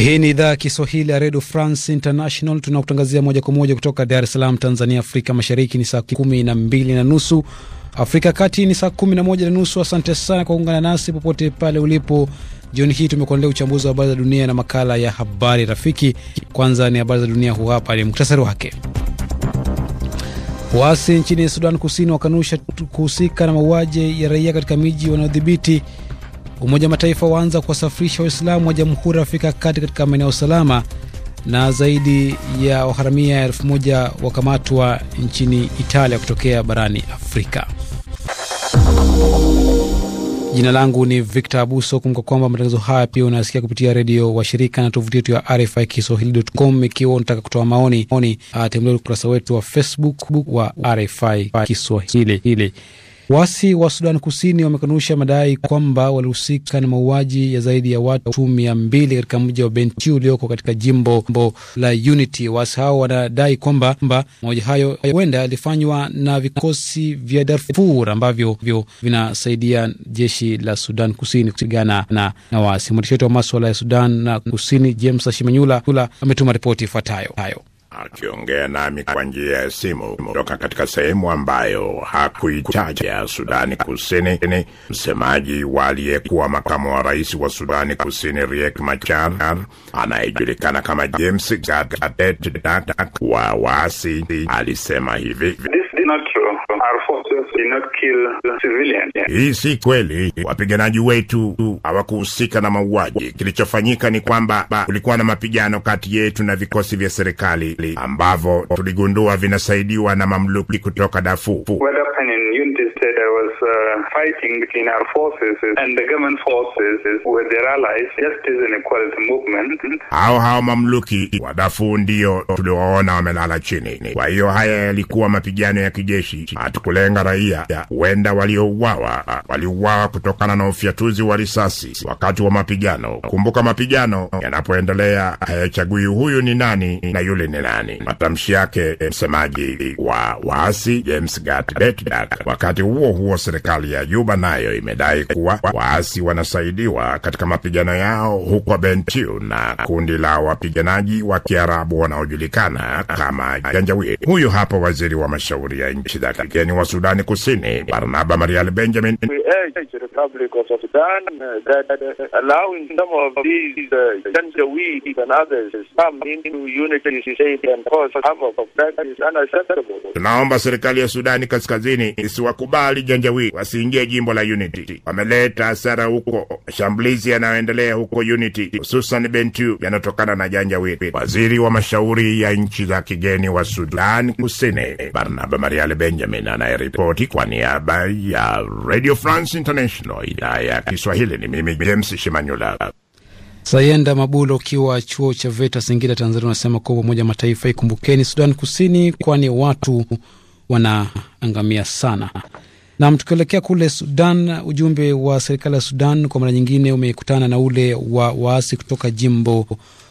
Hii ni idhaa ya Kiswahili ya redio France International. Tunakutangazia moja kwa moja kutoka Dar es Salaam, Tanzania. Afrika Mashariki ni saa kumi na mbili na nusu, Afrika ya Kati ni saa kumi na moja na nusu. Asante sana kwa kuungana nasi popote pale ulipo. Jioni hii tumekuandalia uchambuzi wa habari za dunia na makala ya habari rafiki. Kwanza ni habari za dunia, huu hapa ni muktasari wake. Waasi nchini Sudan Kusini wakanusha kuhusika na mauaji ya raia katika miji wanayodhibiti Umoja wa Mataifa waanza kuwasafirisha Waislamu wa Jamhuri ya Afrika Kati katika maeneo salama, na zaidi ya waharamia elfu moja wakamatwa nchini Italia kutokea barani Afrika. Jina langu ni Victor Abuso. Kumbuka kwamba matangazo haya pia unasikia kupitia redio washirika na tovuti yetu ya RFI Kiswahili.com. Ikiwa unataka kutoa maoni, ah, tembelea ukurasa wetu wa Facebook wa RFI Kiswahili. Waasi wa Sudan Kusini wamekanusha madai kwamba walihusika na mauaji ya zaidi ya watu mia mbili katika mji wa Bentiu ulioko katika jimbo la Unity. Waasi hao wanadai kwamba mauaji hayo huenda yalifanywa na vikosi vya Darfur ambavyo vinasaidia jeshi la Sudan Kusini kupigana na, na waasi. Mwandishi wetu wa maswala ya Sudan na Kusini James ashimanyula ametuma ripoti ifuatayo akiongea nami kwa njia ya simu kutoka katika sehemu ambayo hakuitaja ya Sudani Kusini. Msemaji wa aliyekuwa makamu wa rais wa Sudani Kusini Riek Machar anayejulikana kama James Gatdet wa waasi alisema hivi forces did not kill civilians. Hii si kweli, wapiganaji wetu hawakuhusika na mauaji. Kilichofanyika ni kwamba kulikuwa na mapigano kati yetu na vikosi vya serikali ambavyo tuligundua vinasaidiwa na mamluki kutoka Darfur current fighting between our forces and the government forces with their allies is an equality movement. Hao hao mamluki wadafu ndio tuliwaona wamelala chini. Kwa hiyo haya yalikuwa mapigano ya kijeshi, hatukulenga raia. Huenda waliouawa waliuawa kutokana na ufyatuzi wa risasi wakati wa mapigano. Kumbuka, mapigano yanapoendelea hayachagui huyu ni nani na yule ni nani. Matamshi yake msemaji wa waasi James Gat Wakati huo huo serikali ya Juba nayo imedai kuwa waasi wanasaidiwa katika mapigano yao huko Bentiu na kundi la wapiganaji wa Kiarabu wanaojulikana kama Janjawid. Huyu hapo waziri wa mashauri ya nchi za kigeni wa Sudani Kusini, Barnaba Marial Benjamin. Uh, uh, uh, Tunaomba serikali ya Sudani Kaskazini isiwakubali Janjawid wasi wasiingie jimbo la Unity. Wameleta hasara huko. Mashambulizi yanayoendelea huko Unity, hususan Bentiu, yanatokana na janjawili. Waziri wa mashauri ya nchi za kigeni wa Sudan Kusini Barnaba Mariale Benjamin anayeripoti kwa niaba ya Radio France International idhaa ya Kiswahili. Ni mimi James Shimanyula. Sayenda Mabulo ukiwa chuo cha VETA Singida, Tanzania, unasema kwa Umoja Mataifa ikumbukeni Sudan Kusini, kwani watu wanaangamia sana. Nam, tukielekea kule Sudan, ujumbe wa serikali ya Sudan kwa mara nyingine umekutana na ule wa waasi kutoka jimbo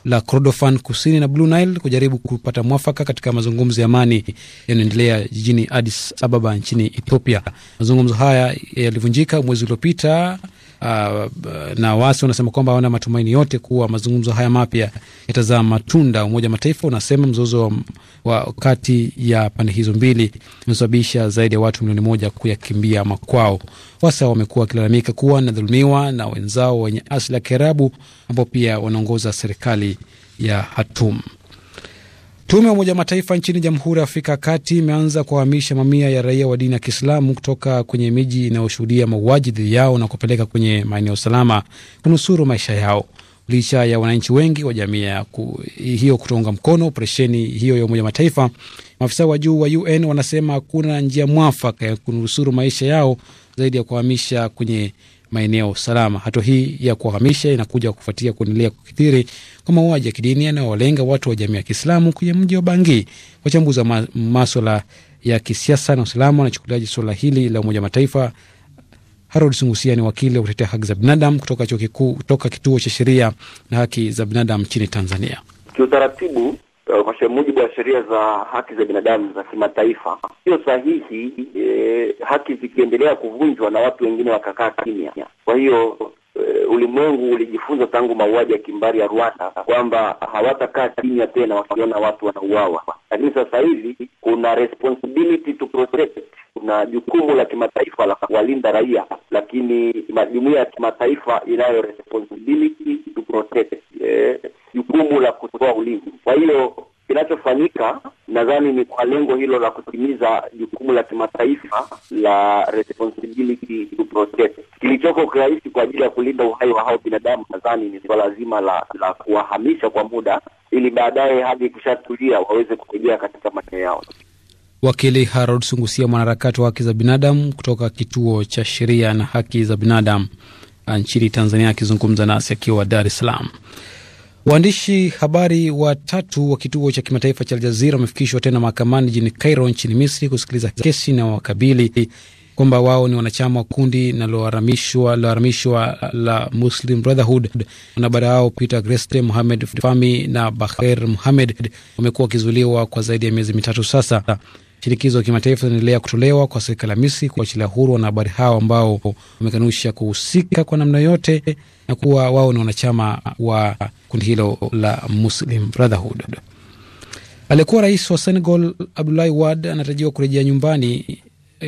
la Kordofan kusini na Blue Nile kujaribu kupata mwafaka katika mazungumzo ya amani yanayoendelea jijini Addis Ababa nchini Ethiopia. Mazungumzo haya yalivunjika mwezi uliopita uh, na wasi wanasema kwamba hawana matumaini yote kuwa mazungumzo haya mapya yatazaa matunda. Umoja wa Mataifa unasema mzozo wa kati ya pande hizo mbili umesababisha zaidi ya watu milioni moja kuyakimbia makwao. wasi hao wamekuwa wakilalamika kuwa wanadhulumiwa na wenzao wenye asili ya Kiarabu ambao pia wanaongoza serikali ya Hatum. Tume ya Umoja Mataifa nchini Jamhuri ya Afrika ya Kati imeanza kuwahamisha mamia ya raia wa dini ya Kiislamu kutoka kwenye miji inayoshuhudia mauaji dhidi yao na kupeleka kwenye maeneo salama kunusuru maisha yao, licha ya wananchi wengi wa jamii hiyo kutounga mkono operesheni hiyo ya Umoja Mataifa. Maafisa wa juu wa UN wanasema hakuna njia mwafaka ya kunusuru maisha yao zaidi ya kuhamisha kwenye maeneo salama. Hatua hii ya kuhamisha inakuja kufuatia kuendelea kukithiri kwa mauaji ya kidini yanayowalenga watu wa jamii ya Kiislamu kwenye mji wa Bangi. Wachambuzi wa maswala ya kisiasa na usalama wanachukuliaji suala hili la Umoja wa Mataifa? Harold Sungusia ni wakili wa kutetea haki za binadamu kutoka chuo kikuu, kutoka kituo cha sheria na haki za binadamu nchini Tanzania. Kiutaratibu, Eh, kwa mujibu wa sheria za haki za binadamu za kimataifa, sio sahihi e, haki zikiendelea kuvunjwa na watu wengine wakakaa kimya. Kwa hiyo uh, ulimwengu ulijifunza tangu mauaji ya kimbari ya Rwanda kwamba hawatakaa kimya tena wakiona watu wanauawa, lakini sasa hivi kuna responsibility to protect na jukumu la kimataifa la kuwalinda raia, lakini jumuiya ya kimataifa inayo responsibility to protect, eh, jukumu la kutoa ulinzi. Kwa hiyo kinachofanyika Nadhani ni kwa lengo hilo la kutimiza jukumu la kimataifa la responsibility to protect kilichoko kirahisi kwa ajili ya kulinda uhai wa hao binadamu. Nadhani ni suala zima la, la kuwahamisha kwa muda ili baadaye hadi ikishatulia waweze kurejea katika maeneo yao. Wakili Harold Sungusia, mwanaharakati wa haki za binadamu kutoka Kituo cha Sheria na Haki za Binadamu nchini Tanzania, akizungumza nasi akiwa Dar es Salaam. Waandishi habari watatu wa kituo cha kimataifa cha Aljazira wamefikishwa tena mahakamani jijini Cairo nchini Misri kusikiliza kesi na wakabili kwamba wao ni wanachama wa kundi linaloharamishwa la Muslim Brotherhood. Wanahabari hao Peter Greste, Muhamed fami na Baher Muhamed wamekuwa wakizuiliwa kwa zaidi ya miezi mitatu sasa. Shinikizo ya kimataifa zinaendelea kutolewa kwa serikali ya Misri kuachilia huru wanahabari hao ambao wamekanusha kuhusika kwa namna yote na kuwa wao ni wanachama wa kundi hilo la Muslim Brotherhood. Aliyekuwa rais wa Senegal Abdoulaye Wade anatarajiwa kurejea nyumbani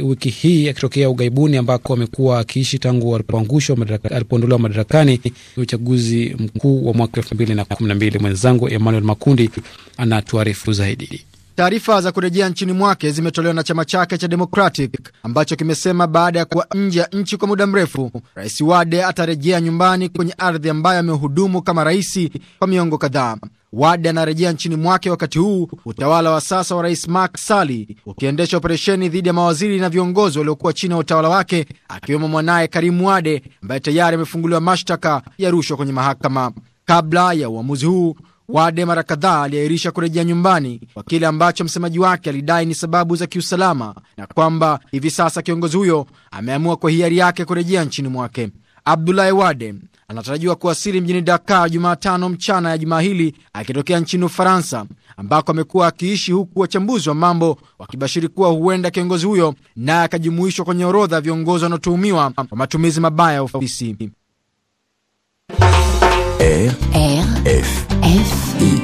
wiki hii akitokea ughaibuni ambako amekuwa akiishi tangu alipoangushwa alipoondolewa madarakani uchaguzi mkuu wa mwaka elfu mbili na kumi na mbili. Mwenzangu Emmanuel Makundi anatuarifu zaidi. Taarifa za kurejea nchini mwake zimetolewa na chama chake cha Democratic ambacho kimesema baada ya kuwa nje ya nchi kwa muda mrefu, Rais Wade atarejea nyumbani kwenye ardhi ambayo amehudumu kama rais kwa miongo kadhaa. Wade anarejea nchini mwake wakati huu utawala wa sasa wa Rais Macky Sall ukiendesha operesheni dhidi ya mawaziri na viongozi waliokuwa chini ya utawala wake, akiwemo mwanaye karimu Wade ambaye tayari amefunguliwa mashtaka ya rushwa kwenye mahakama. Kabla ya uamuzi huu Wade mara kadhaa aliahirisha kurejea nyumbani kwa kile ambacho msemaji wake alidai ni sababu za kiusalama na kwamba hivi sasa kiongozi huyo ameamua kwa hiari yake kurejea nchini mwake. Abdulahi Wade anatarajiwa kuwasili mjini Dakar Jumatano mchana ya jumaa hili akitokea nchini Ufaransa ambako amekuwa akiishi, huku wachambuzi wa mambo wakibashiri kuwa huenda kiongozi huyo naye akajumuishwa kwenye orodha ya viongozi wanaotuhumiwa kwa matumizi mabaya ya ofisi eh. RFI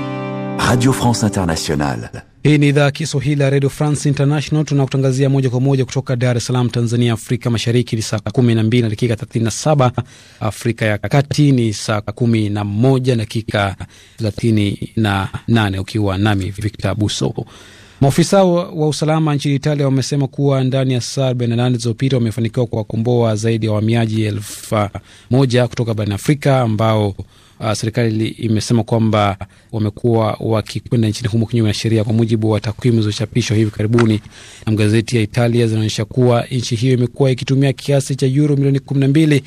Radio France Internationale. Hii ni idhaa Kiswahili ya Radio France International. Tunakutangazia moja kwa moja kutoka Dar es Salaam, Tanzania. Afrika Mashariki ni saa 12 na dakika 37, Afrika ya Kati ni saa 11 na dakika 38, ukiwa nami Victor Buso. Maofisa wa usalama nchini Italia wamesema kuwa ndani ya saa 48 zilizopita wamefanikiwa kuwakomboa zaidi ya wahamiaji elfu moja kutoka barani Afrika ambao uh, serikali imesema kwamba wamekuwa wakikwenda nchini humo kinyume na sheria, kwa mujibu wa takwimu zilizochapishwa hivi karibuni na magazeti ya Italia zinaonyesha kuwa nchi hiyo imekuwa ikitumia kiasi cha yuro milioni kumi na mbili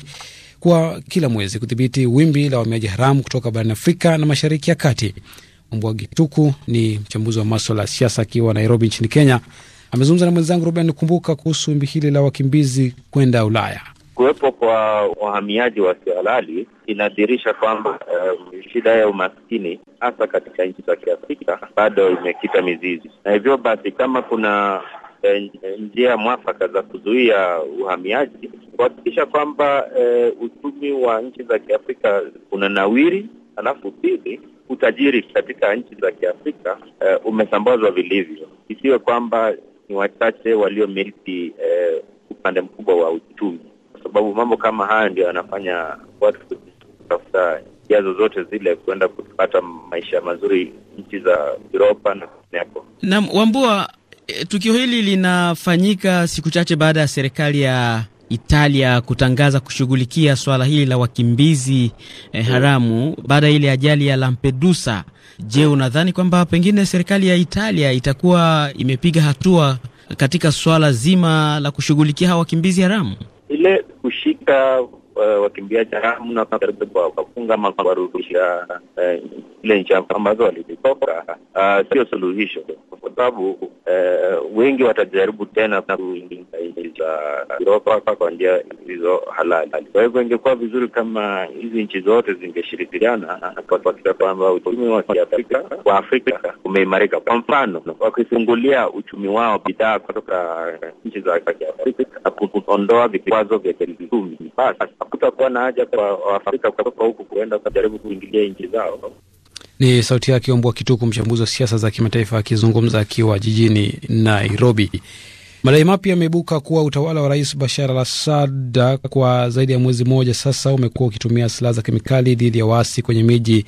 kwa kila mwezi kudhibiti wimbi la wahamiaji haramu kutoka barani Afrika na mashariki ya kati. Mbwa Gituku ni mchambuzi wa maswala ya siasa akiwa Nairobi nchini Kenya. Amezungumza na mwenzangu Ruben Kumbuka kuhusu wimbi hili la wakimbizi kwenda Ulaya. Kuwepo kwa wahamiaji wa kihalali inadhihirisha kwamba um, shida ya umaskini hasa katika nchi za Kiafrika bado imekita mizizi, na hivyo basi kama kuna E, njia mwafaka za kuzuia uhamiaji, kuhakikisha kwamba e, uchumi wa nchi za Kiafrika una nawiri, alafu pili, utajiri katika nchi za Kiafrika e, umesambazwa vilivyo, isiwe kwamba ni wachache waliomiliki e, upande mkubwa wa uchumi sababu mambo kama haya ndio yanafanya watu kutafuta njia zozote zile kuenda kupata maisha mazuri nchi za Uropa na kwingineko. Naam, Wambua, eh, tukio hili linafanyika siku chache baada ya serikali ya Italia kutangaza kushughulikia swala hili la wakimbizi eh, haramu baada ya ile ajali ya Lampedusa. Je, unadhani kwamba pengine serikali ya Italia itakuwa imepiga hatua katika swala zima la kushughulikia hawa wakimbizi haramu? Ile kuwavuta eh, wakimbiaji haramu na kujaribu kuwafunga ama kuwarudisha zile nchi ambazo uh, sio suluhisho, kwa sababu uh, wengi watajaribu tena nchi za Uropa kwa njia zilizo halali. Kwa hivyo ingekuwa vizuri kama hizi nchi zote zingeshirikiana kuhakikisha kwamba uchumi wa kiafrika wa Afrika umeimarika. Kwa mfano, wakifungulia uchumi wao bidhaa kutoka nchi za na kuondoa vikwazo vya kiuchumi, basi hakutakuwa na haja kwa Waafrika kutoka huku kuenda kujaribu kuingilia nchi zao. Ni sauti yake Ombwa Kituku, mchambuzi wa siasa za kimataifa akizungumza akiwa jijini Nairobi. Madai mapya yameibuka kuwa utawala wa Rais Bashar al Assad kwa zaidi ya mwezi mmoja sasa umekuwa ukitumia silaha za kemikali dhidi ya waasi kwenye miji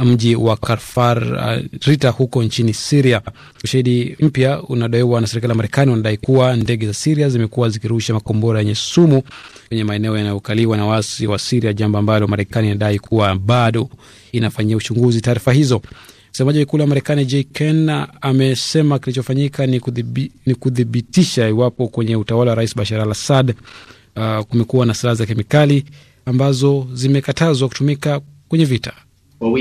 mji wa Kafar uh, Rita huko nchini Siria. Ushahidi mpya unadaiwa na serikali ya Marekani wanadai kuwa ndege za Siria zimekuwa zikirusha makombora yenye sumu kwenye maeneo yanayokaliwa na waasi wa Siria, jambo ambalo Marekani inadai kuwa bado inafanyia uchunguzi taarifa hizo. Msemaji wa ikulu ya Marekani Jay Ken amesema kilichofanyika ni kuthibitisha iwapo kwenye utawala wa Rais Bashar al Assad uh, kumekuwa na silaha za kemikali ambazo zimekatazwa kutumika kwenye vita. Uh,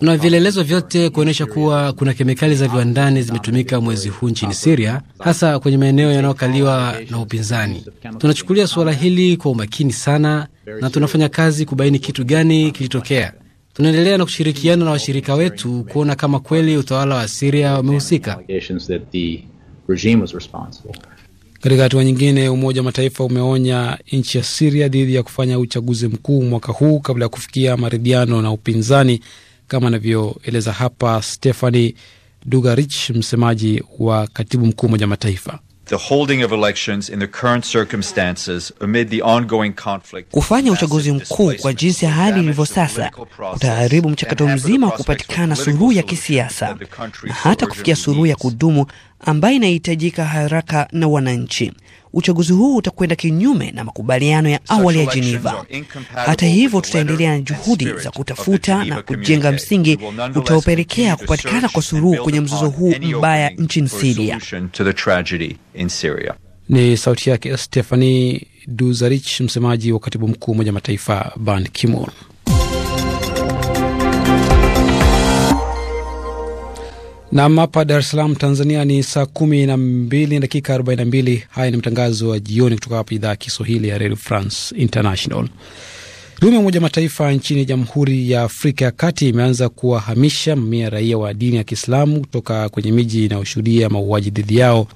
na vielelezo vyote kuonyesha kuwa kuna kemikali za viwandani zimetumika mwezi huu nchini Siria, hasa kwenye maeneo yanayokaliwa na upinzani. Tunachukulia suala hili kwa umakini sana na tunafanya kazi kubaini kitu gani kilitokea. Tunaendelea na kushirikiana na washirika wetu kuona kama kweli utawala wa Siria umehusika. Katika hatua nyingine, Umoja wa Mataifa umeonya nchi ya Siria dhidi ya kufanya uchaguzi mkuu mwaka huu kabla ya kufikia maridhiano na upinzani, kama anavyoeleza hapa Stephanie Dugarich, msemaji wa katibu mkuu Umoja wa Mataifa. The holding of elections in the current circumstances amid the ongoing conflict. Kufanya uchaguzi mkuu kwa jinsi ya hali ilivyo sasa kutaharibu mchakato mzima wa kupatikana suluhu ya kisiasa na hata kufikia suluhu ya kudumu ambayo inahitajika haraka na wananchi uchaguzi huu utakwenda kinyume na makubaliano ya awali ya Geneva. Hata hivyo, tutaendelea na juhudi za kutafuta na kujenga msingi utaopelekea kupatikana kwa suluhu kwenye mzozo huu mbaya nchini Siria. Ni sauti yake Stephani Duzarich, msemaji wa katibu mkuu Umoja Mataifa Ban Kimur. Nam, hapa Dar es Salaam Tanzania ni saa kumi na mbili dakika arobaini na mbili. Haya ni matangazo ya jioni kutoka hapa idhaa ya Kiswahili ya Radio France International. Tume ya Umoja Mataifa nchini Jamhuri ya Afrika ya Kati imeanza kuwahamisha mamia raia wa dini ya Kiislamu kutoka kwenye miji inayoshuhudia mauaji dhidi yao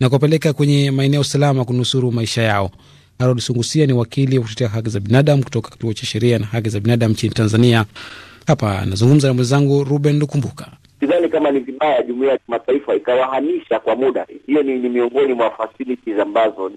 na kuwapeleka kwenye maeneo salama kunusuru maisha yao. Harold Sungusia ni wakili wa kutetea haki za binadamu kutoka kituo cha sheria na haki za binadamu nchini Tanzania. Hapa anazungumza na mwenzangu Ruben Lukumbuka sidhani kama ni vibaya jumuiya ya kimataifa ikawahamisha kwa muda. Hiyo ni, ni miongoni mwa facilities ambazo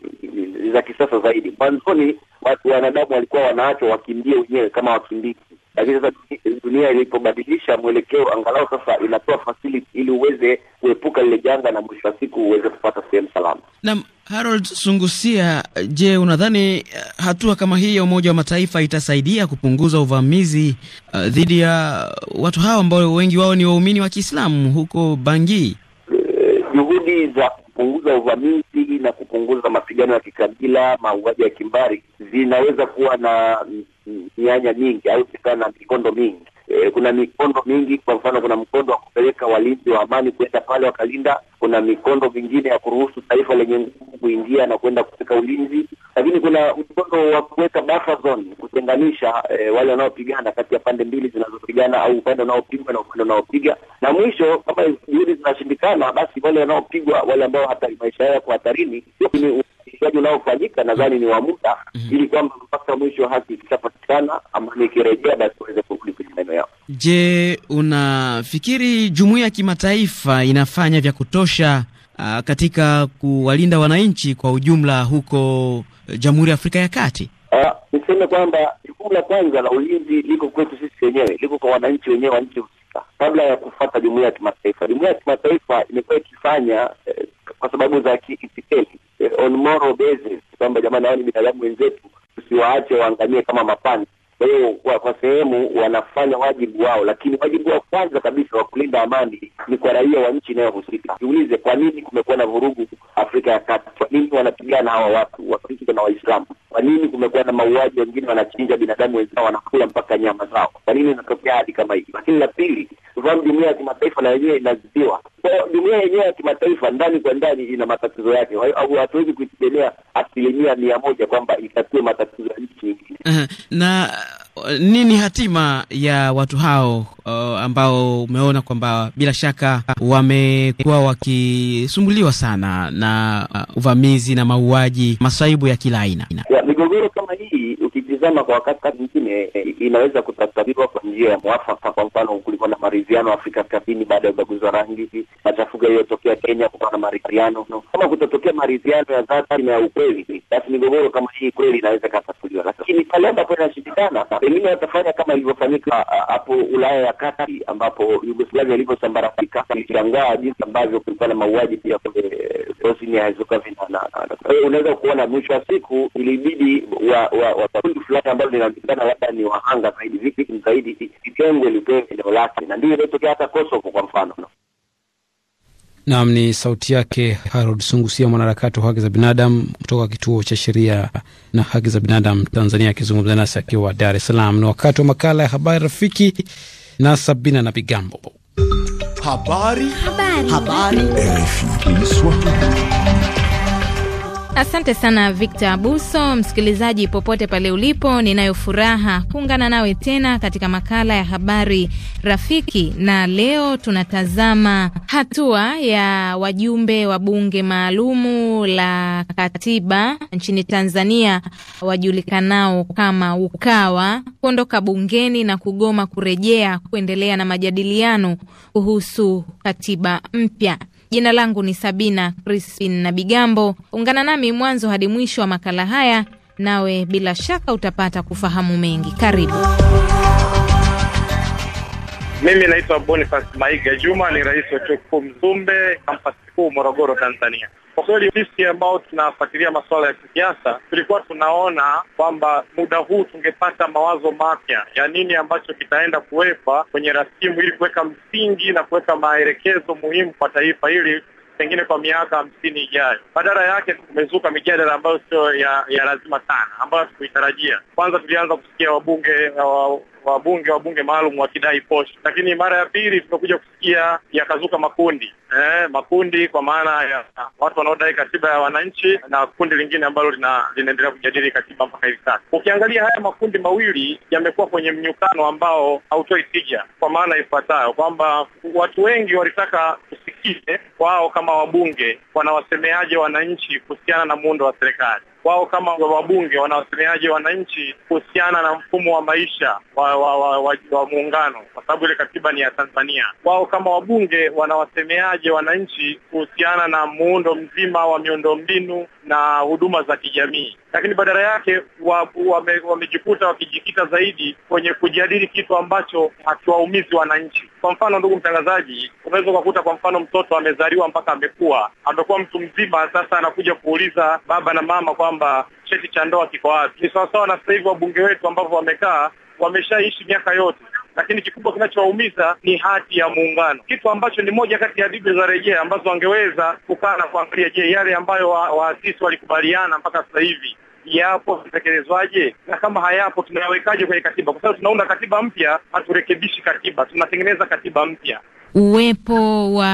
ni za kisasa zaidi. Mwanzoni watu wanadamu walikuwa wanaachwa wakimbie wenyewe kama wakimbizi lakini sasa dunia ilipobadilisha mwelekeo, angalau sasa inatoa facility ili uweze kuepuka lile janga na mwisho wa siku uweze kupata sehemu salama. Naam, Harold Sungusia, je, unadhani uh, hatua kama hii ya Umoja wa Mataifa itasaidia kupunguza uvamizi uh, dhidi ya watu hawa ambao wengi wao ni waumini wa Kiislamu huko Bangi? Eh, juhudi za kupunguza uvamizi na kupunguza mapigano ya kikabila, mauaji ya kimbari zinaweza kuwa na mianya mingi au na mikondo mingi e, kuna mikondo mingi. Kwa mfano, kuna mkondo wa kupeleka walinzi wa amani kwenda pale wakalinda, kuna mikondo mingine ya kuruhusu taifa lenye nguvu kuingia na kwenda kufika ulinzi, lakini kuna mkondo wa kuweka bafazon kutenganisha e, wale wanaopigana kati ya pande mbili zinazopigana au upande unaopigwa na upande unaopiga, na mwisho, kama juhudi zinashindikana, basi wale wanaopigwa, wale ambao hata maisha yao yako hatarini uharakishaji unaofanyika nadhani ni wa muda mm -hmm. ili kwamba mpaka mwisho haki ikishapatikana, ama nikirejea basi waweze kurudi kwenye maeneo yao. Je, unafikiri jumuiya ya kimataifa inafanya vya kutosha uh, katika kuwalinda wananchi kwa ujumla huko eh, Jamhuri ya Afrika ya Kati? Uh, niseme kwamba jukumu la kwanza la ulinzi liko kwetu sisi wenyewe, liko kwa wananchi wenyewe wa nchi husika, kabla ya kufata jumuia ya kimataifa. jumuia ya kimataifa imekuwa ikifanya eh, kwa sababu za kiitikadi eh, on moral basis, kwamba jamani, hao ni binadamu wenzetu, tusiwaache waangamie kama mapanzi. Kwa hiyo kwa, kwa sehemu wanafanya wajibu wao, lakini wajibu wa kwanza kabisa wa kulinda amani ni kwa raia wa nchi inayohusika. Jiulize, kwa nini kumekuwa na vurugu Afrika ya Kati? Kwa nini wanapigana hawa watu Wakristo na Waislamu? Kwa nini kumekuwa na mauaji, wengine wanachinja binadamu wenzao, wanakula mpaka nyama zao? Kwa nini inatokea hadi kama hii? Lakini la pili, ufahamu dunia ya kimataifa na yenyewe inazidiwa kwa dunia yenyewe ya kimataifa ndani kwa ndani ina matatizo yake. Hatuwezi kuitegemea asilimia mia moja kwamba itatue matatizo ya nchi nyingine. Na nini hatima ya watu hao uh, ambao umeona kwamba bila shaka wamekuwa wakisumbuliwa sana na uh, uvamizi na mauaji, masaibu ya kila aina. Migogoro kama hii ukitizama kwa wakati mwingine eh, inaweza kutatuliwa kwa njia ya mwafaka. Kwa mfano, kulikuwa na maridhiano Afrika Kaskazini baada ya ubaguzi wa rangi, machafuko yaliyotokea Kenya, kukawa na maridhiano. Kama kutatokea maridhiano ya dhati na ya ukweli, basi migogoro kama hii kweli inaweza ikatatuliwa, lakini pale ambapo inashindikana, pengine watafanya kama ilivyofanyika uh, uh, hapo Ulaya ya kati ambapo Yugoslavia ilivyosambaratika, ilishangaa jinsi ambavyo kulikuwa na mauaji pia kule eh, Bosnia Herzegovina. Kwa hiyo unaweza kuona mwisho wa siku ilibidi wa, wa, wa, kundi fulani ambalo linajulikana labda ni wahanga zaidi, victim zaidi, itengwe lipewe eneo lake, na ndio inayotokea hata Kosovo kwa mfano. Naam, ni sauti yake Harold Sungusia, mwanaharakati wa haki za binadamu kutoka Kituo cha Sheria na Haki za Binadamu Tanzania, akizungumza nasi akiwa Dar es Salaam. Ni wakati wa makala ya Habari Rafiki na Sabina na Bigambo. Habari. Habari. Habari. Habari. Kiswahili. Asante sana Victor Abuso. Msikilizaji popote pale ulipo, ninayo furaha kuungana nawe tena katika makala ya habari rafiki, na leo tunatazama hatua ya wajumbe wa bunge maalumu la katiba nchini Tanzania wajulikanao kama Ukawa kuondoka bungeni na kugoma kurejea kuendelea na majadiliano kuhusu katiba mpya. Jina langu ni Sabina Crispin na Bigambo. Ungana nami mwanzo hadi mwisho wa makala haya, nawe bila shaka utapata kufahamu mengi. Karibu. Mimi naitwa Boniface Maiga Juma, ni rais wa Chuo Kikuu Mzumbe kampasi mkuu Morogoro, Tanzania. Kwa kweli sisi ambao tunafuatilia masuala ya kisiasa tulikuwa tunaona kwamba muda huu tungepata mawazo mapya ya nini ambacho kitaenda kuwekwa kwenye rasimu ili kuweka msingi na kuweka maelekezo muhimu kwa taifa hili pengine kwa miaka hamsini ijayo. Badala yake kumezuka mijadala ambayo sio ya, ya lazima sana ambayo hatukuitarajia. Kwanza tulianza kusikia wabunge wabunge bunge maalum wakidai posho, lakini mara ya pili tumekuja kusikia yakazuka makundi eh, makundi kwa maana ya watu wanaodai katiba ya wananchi na kundi lingine ambalo lina, linaendelea kujadili katiba mpaka hivi sasa. Ukiangalia haya makundi mawili yamekuwa kwenye mnyukano ambao hautoi tija, kwa maana ifuatayo kwamba watu wengi walitaka tusikie wao kama kama wabunge wanawasemeaje wananchi kuhusiana na muundo wa serikali wao kama wabunge wanawasemeaje wananchi kuhusiana na mfumo wa maisha wa, wa, wa, wa, wa muungano, kwa sababu ile katiba ni ya Tanzania. Wao kama wabunge wanawasemeaje wananchi kuhusiana na muundo mzima wa miundombinu na huduma za kijamii lakini badala yake wamejikuta wa wakijikita zaidi kwenye kujadili kitu ambacho hakiwaumizi wananchi. Kwa mfano, ndugu mtangazaji, unaweza ukakuta kwa mfano mtoto amezaliwa mpaka amekuwa amekuwa mtu mzima, sasa anakuja kuuliza baba na mama kwamba cheti cha ndoa kiko wapi? Ni sawasawa na sasa hivi wabunge wetu ambavyo wamekaa wameshaishi miaka yote lakini kikubwa kinachowaumiza ni hati ya muungano, kitu ambacho ni moja kati ya debe za rejea ambazo wangeweza kukaa na kuangalia, je, yale ambayo waasisi wa walikubaliana mpaka sasa hivi yapo tutekelezwaje na kama hayapo tunayawekaje kwenye katiba? Kwa sababu tunaunda katiba mpya, haturekebishi katiba, tunatengeneza katiba mpya uwepo wa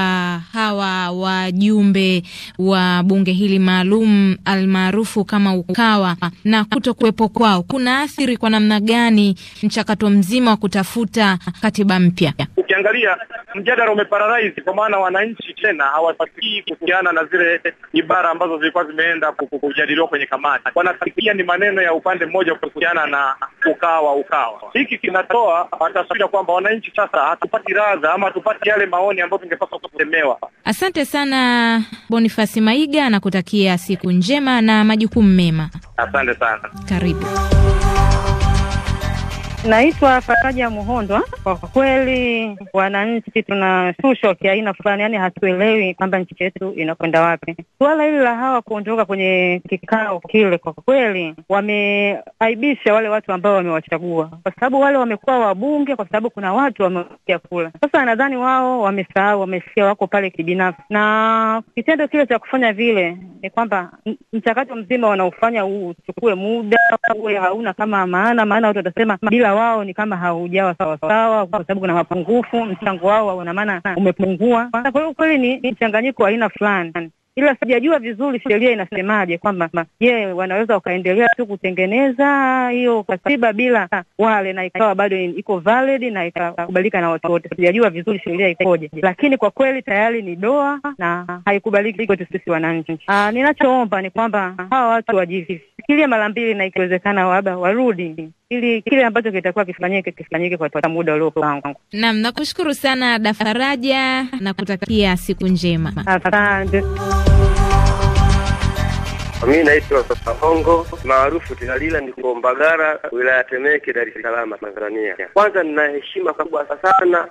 hawa wajumbe wa bunge hili maalum almaarufu kama Ukawa na kuto kuwepo kwao kuna athiri kwa namna gani mchakato mzima wa kutafuta katiba mpya? Ukiangalia mjadala umeparalaizi, kwa maana wananchi tena hawasikii kuhusiana na zile ibara ambazo zilikuwa zimeenda kujadiliwa kwenye kamati, wanasikia ni maneno ya upande mmoja kuhusiana na Ukawa. Ukawa hiki kinatoa taswira kwamba wananchi sasa hatupati radha ama hatupati yale maoni ambayo tungepaswa kusemewa. Asante sana Bonifasi Maiga, na kutakia siku njema na majukumu mema. Asante sana, karibu. Naitwa Faraja Muhondwa. Kwa kweli, wananchi tunashushwa kiaina fulani, yani hatuelewi kwamba nchi yetu inakwenda wapi. Suala hili la hawa kuondoka kwenye kikao kile, kwa kweli wameaibisha wale watu ambao wamewachagua, kwa sababu wale wamekuwa wabunge, kwa sababu kuna watu wamewapigia kula. Sasa nadhani wao wamesahau, wamesikia, wako pale kibinafsi, na kitendo kile cha kufanya vile ni kwamba mchakato mzima wanaofanya huu uchukue muda, uwe hauna kama maana maana, watu watasema bila mtaala wao ni kama haujawa sawasawa, kwa sababu kuna mapungufu, mchango wao una maana umepungua. Kwa hiyo kweli ni mchanganyiko wa aina fulani ila sijajua vizuri sheria inasemaje kwamba je, wanaweza wakaendelea tu kutengeneza hiyo katiba bila wale na ikawa bado iko valid na ikakubalika na watu wote. Sijajua vizuri sheria ikoje, lakini kwa kweli tayari ni doa na haikubaliki kwetu sisi wananchi. Ah, ninachoomba ni kwamba hawa watu wajifikirie mara mbili na ikiwezekana, labda warudi ili kile ambacho kitakuwa kifanyike kifanyike kwa muda uliopangu. Naam, nakushukuru sana Dafaraja na kutakia siku njema. Asante. Mi naitwa Ongo maarufu Tinalila, niko Mbagara, wilaya ya Temeke, Dar es Salaam, Tanzania. Kwanza nina heshima kubwa sana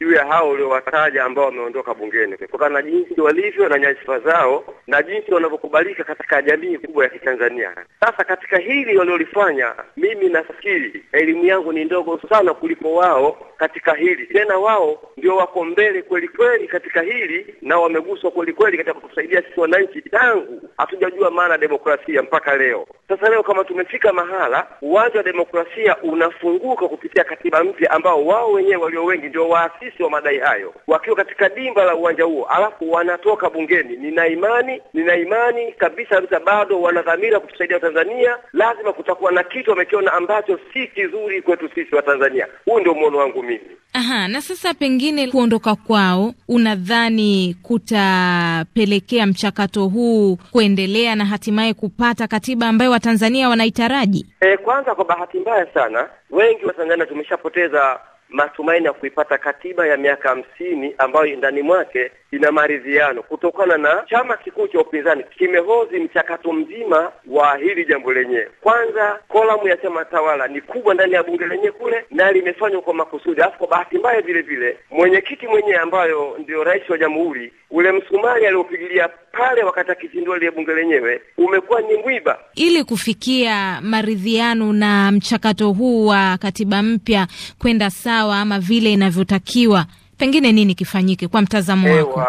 juu ya hao uliowataja ambao wameondoka bungeni kutokana na jinsi walivyo na nyasifa zao na jinsi wanavyokubalika katika jamii kubwa ya Kitanzania. Sasa katika hili waliolifanya, mimi nafikiri elimu yangu ni ndogo sana kuliko wao katika hili, tena wao ndio wako mbele kweli kweli katika hili na wameguswa kweli kweli katika kutusaidia sisi wananchi, tangu hatujajua maana ya demokrasia mpaka leo. Sasa leo kama tumefika mahala, uwanja wa demokrasia unafunguka kupitia katiba mpya ambao wao wenyewe walio wengi ndio waasi waasisi wa madai hayo wakiwa katika dimba la uwanja huo, alafu wanatoka bungeni, nina imani nina imani kabisa kabisa bado wana dhamira kutusaidia Watanzania. Lazima kutakuwa na kitu wamekiona ambacho si kizuri kwetu sisi Watanzania. Huu ndio mwono wangu mimi. Aha, na sasa pengine kuondoka kwao unadhani kutapelekea mchakato huu kuendelea na hatimaye kupata katiba ambayo Watanzania wanaitaraji? E, kwanza kwa bahati mbaya sana wengi Watanzania tumeshapoteza matumaini ya kuipata katiba ya miaka hamsini ambayo ndani mwake ina maridhiano, kutokana na chama kikuu cha upinzani kimehozi mchakato mzima wa hili jambo lenyewe. Kwanza, kolamu ya chama tawala ni kubwa ndani ya bunge lenyewe kule, na limefanywa kwa makusudi. Alafu kwa bahati mbaya vile vile mwenyekiti mwenyewe ambayo ndio rais wa jamhuri ule msumari aliopigilia pale wakati akizindua lile bunge lenyewe umekuwa ni mwiba. Ili kufikia maridhiano na mchakato huu wa katiba mpya kwenda sawa ama vile inavyotakiwa, pengine nini kifanyike kwa mtazamo wako?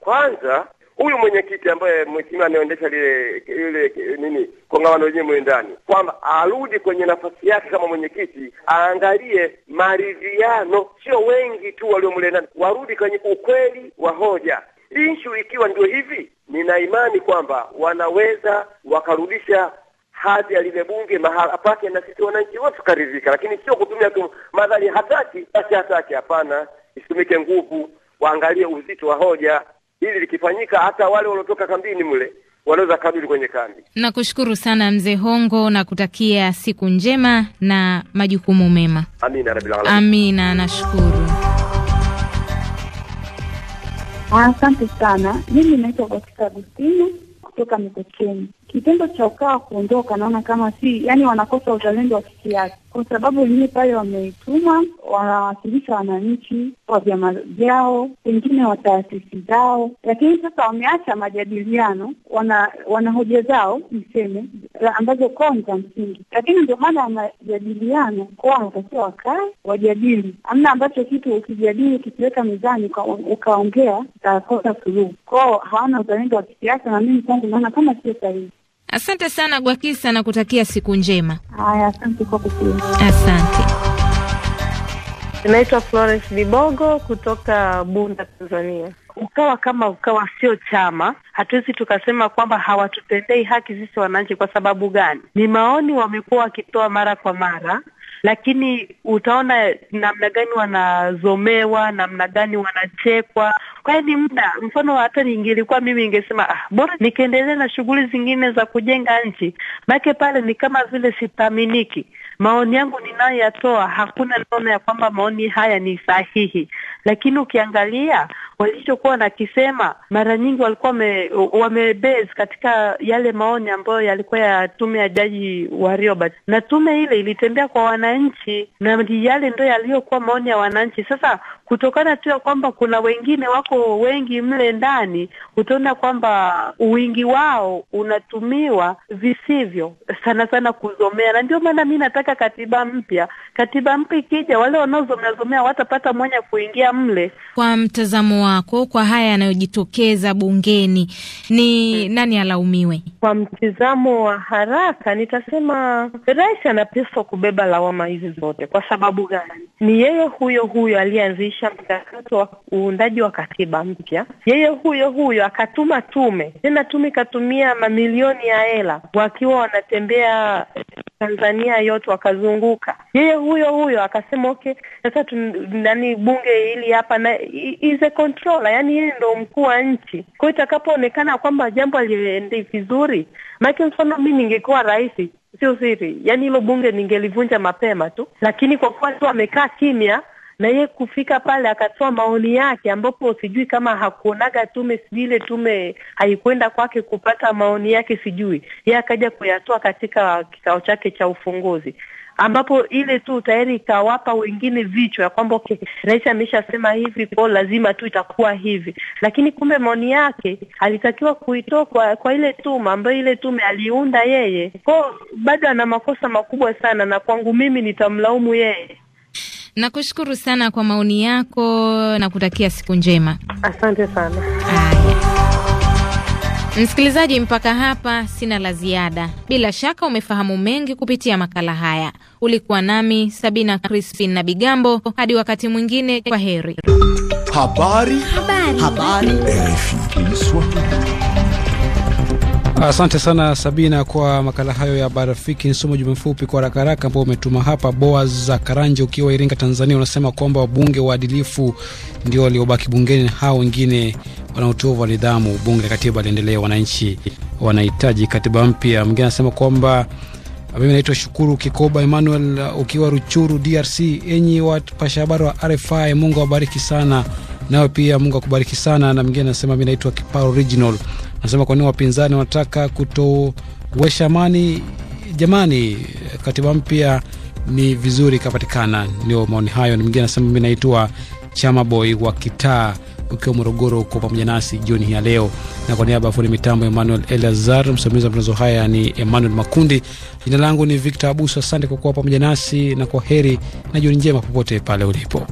Kwanza huyu mwenyekiti ambaye mheshimiwa anaendesha lile lile nini kongamano lenyewe ndani, kwamba arudi kwenye nafasi yake kama mwenyekiti, aangalie maridhiano, sio wengi tu waliomle ndani, warudi kwenye ukweli wa hoja. inshu ikiwa ndio hivi, nina imani kwamba wanaweza wakarudisha hadhi ya lile bunge mahala pake, na sisi wananchi wote tukaridhika, lakini sio kutumia tu madhari hataki basi hataki. Hapana, isitumike nguvu, waangalie uzito wa hoja hili likifanyika, hata wale waliotoka kambini mle wanaweza karudi kwenye kambi. Nakushukuru sana mzee Hongo na kutakia siku njema na majukumu mema. Amina rabbil alamin. Amina, nashukuru. Asante sana. Mimi naitwa Agostina kutoka Mikocheni kitendo cha ukawa kuondoka, naona kama si yani, wanakosa uzalendo wa kisiasa, kwa sababu wenyewe pale wameituma, wanawakilisha wananchi wa vyama vyao, pengine wa taasisi zao, lakini sasa wameacha majadiliano, wana, wana hoja zao niseme, ambazo kwao ni za msingi, lakini ndio maana ya majadiliano, kwao wanatakiwa wakae wajadili. Amna ambacho kitu ukijadili ukikiweka mezani ukaongea utakosa suluhu. Kwao hawana uzalendo wa kisiasa, na mimi kwangu naona kama sio sahihi. Asante sana Gwakisa na kutakia siku njema. Haya, asante kwa kupima. Asante. Naitwa Florence Bibogo kutoka Bunda, Tanzania. Ukawa kama Ukawa sio chama, hatuwezi tukasema kwamba hawatutendei haki sisi wananchi. Kwa sababu gani? Ni maoni wamekuwa wakitoa mara kwa mara, lakini utaona namna gani wanazomewa, namna gani wanachekwa. Kwa hiyo ni muda. Mfano hata ningilikuwa mimi ningesema ah, bora nikiendelea na shughuli zingine za kujenga nchi, maake pale ni kama vile sitaminiki. Maoni yangu ninayoyatoa hakuna, naona ya kwamba maoni haya ni sahihi, lakini ukiangalia walichokuwa nakisema mara nyingi walikuwa wamebase katika yale maoni ambayo yalikuwa ya tume ya Jaji Robert, na tume ile ilitembea kwa wananchi, na yale ndo yaliyokuwa maoni ya wananchi. Sasa kutokana tu ya kwamba kuna wengine wako wengi mle ndani, utaona kwamba wingi wao unatumiwa visivyo, sana sana kuzomea, na ndio maana mi nataka katiba mpya. Katiba mpya ikija, wale wanaozomeazomea watapata mwanya kuingia mle. Kwa mtazamo wako kwa haya yanayojitokeza bungeni, ni nani alaumiwe? Kwa mtizamo wa haraka, nitasema rais anapaswa kubeba lawama hizi zote. Kwa sababu gani? Ni yeye huyo huyo aliyeanzisha mchakato wa uundaji wa katiba mpya, yeye huyo huyo akatuma tume, tena tume ikatumia mamilioni ya hela, wakiwa wanatembea Tanzania yote wakazunguka, yeye huyo huyo akasema okay, sasa nani bunge hili hapa na is a controller, yani yeye ndo mkuu wa nchi. Kwa hiyo itakapoonekana kwamba jambo aliendi vizuri, maake mfano mi ningekuwa rahisi sio siri, yani hilo bunge ningelivunja mapema tu, lakini kwa kuwa tu amekaa kimya na ye kufika pale akatoa maoni yake, ambapo sijui kama hakuonaga tume, sijui ile tume haikwenda kwake kupata maoni yake, sijui yeye akaja kuyatoa katika kikao chake cha ufunguzi ambapo ile tu tayari ikawapa wengine vichwa ya kwamba okay, rais ameshasema hivi kwao lazima tu itakuwa hivi, lakini kumbe maoni yake alitakiwa kuitoa kwa, kwa ile tume ambayo ile tume aliunda yeye, kwao bado ana makosa makubwa sana, na kwangu mimi nitamlaumu yeye. Nakushukuru sana kwa maoni yako na kutakia siku njema. Asante sana. Ay. Msikilizaji, mpaka hapa sina la ziada. Bila shaka umefahamu mengi kupitia makala haya. Ulikuwa nami Sabina Crispin na Bigambo. Hadi wakati mwingine, kwa heri. Habari. Habari. Habari. Habari. Asante sana Sabina kwa makala hayo ya habari rafiki. Nisome ujumbe mfupi kwa haraka haraka ambao umetuma hapa. Boaz za Karanje ukiwa Iringa, Tanzania, unasema kwamba wabunge waadilifu ndio waliobaki bungeni, hao wengine wana utovu wa nidhamu. Bunge la katiba liendelee, wananchi wanahitaji katiba mpya. Mwingine anasema kwamba mimi naitwa Shukuru Kikoba Emmanuel ukiwa Ruchuru, DRC. Enyi wapasha habari wa RFI, Mungu awabariki sana, nawe pia Mungu akubariki sana. Na mwingine anasema mimi naitwa Kipa Original Anasema kwa nini wapinzani wanataka kutowesha amani? Jamani, katiba mpya ni vizuri ikapatikana. Ndio maoni hayo. Ni mwingine anasema, mimi naitwa Chama Boy wa kitaa ukiwa Morogoro, uko pamoja nasi jioni hii ya leo, na kwa niaba ya fundi mitambo Emmanuel Elazar, msimamizi wa matangazo haya ni Emmanuel Makundi. Jina langu ni Victor Abuso, asante kwa kuwa pamoja nasi na kwa heri na jioni njema popote pale ulipo.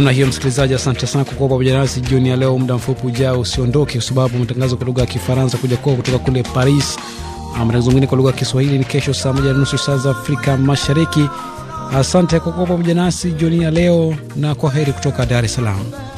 namna hiyo, msikilizaji, asante sana kwa kuwa pamoja nasi jioni ya leo. Muda mfupi ujao usiondoke, kwa sababu matangazo kwa lugha ya Kifaransa kuja kwao kutoka kule Paris. Ah, matangazo mengine kwa lugha ya Kiswahili ni kesho saa moja na nusu saa za Afrika Mashariki. Asante kwa kuwa pamoja nasi jioni ya leo na kwa heri kutoka Dar es Salaam.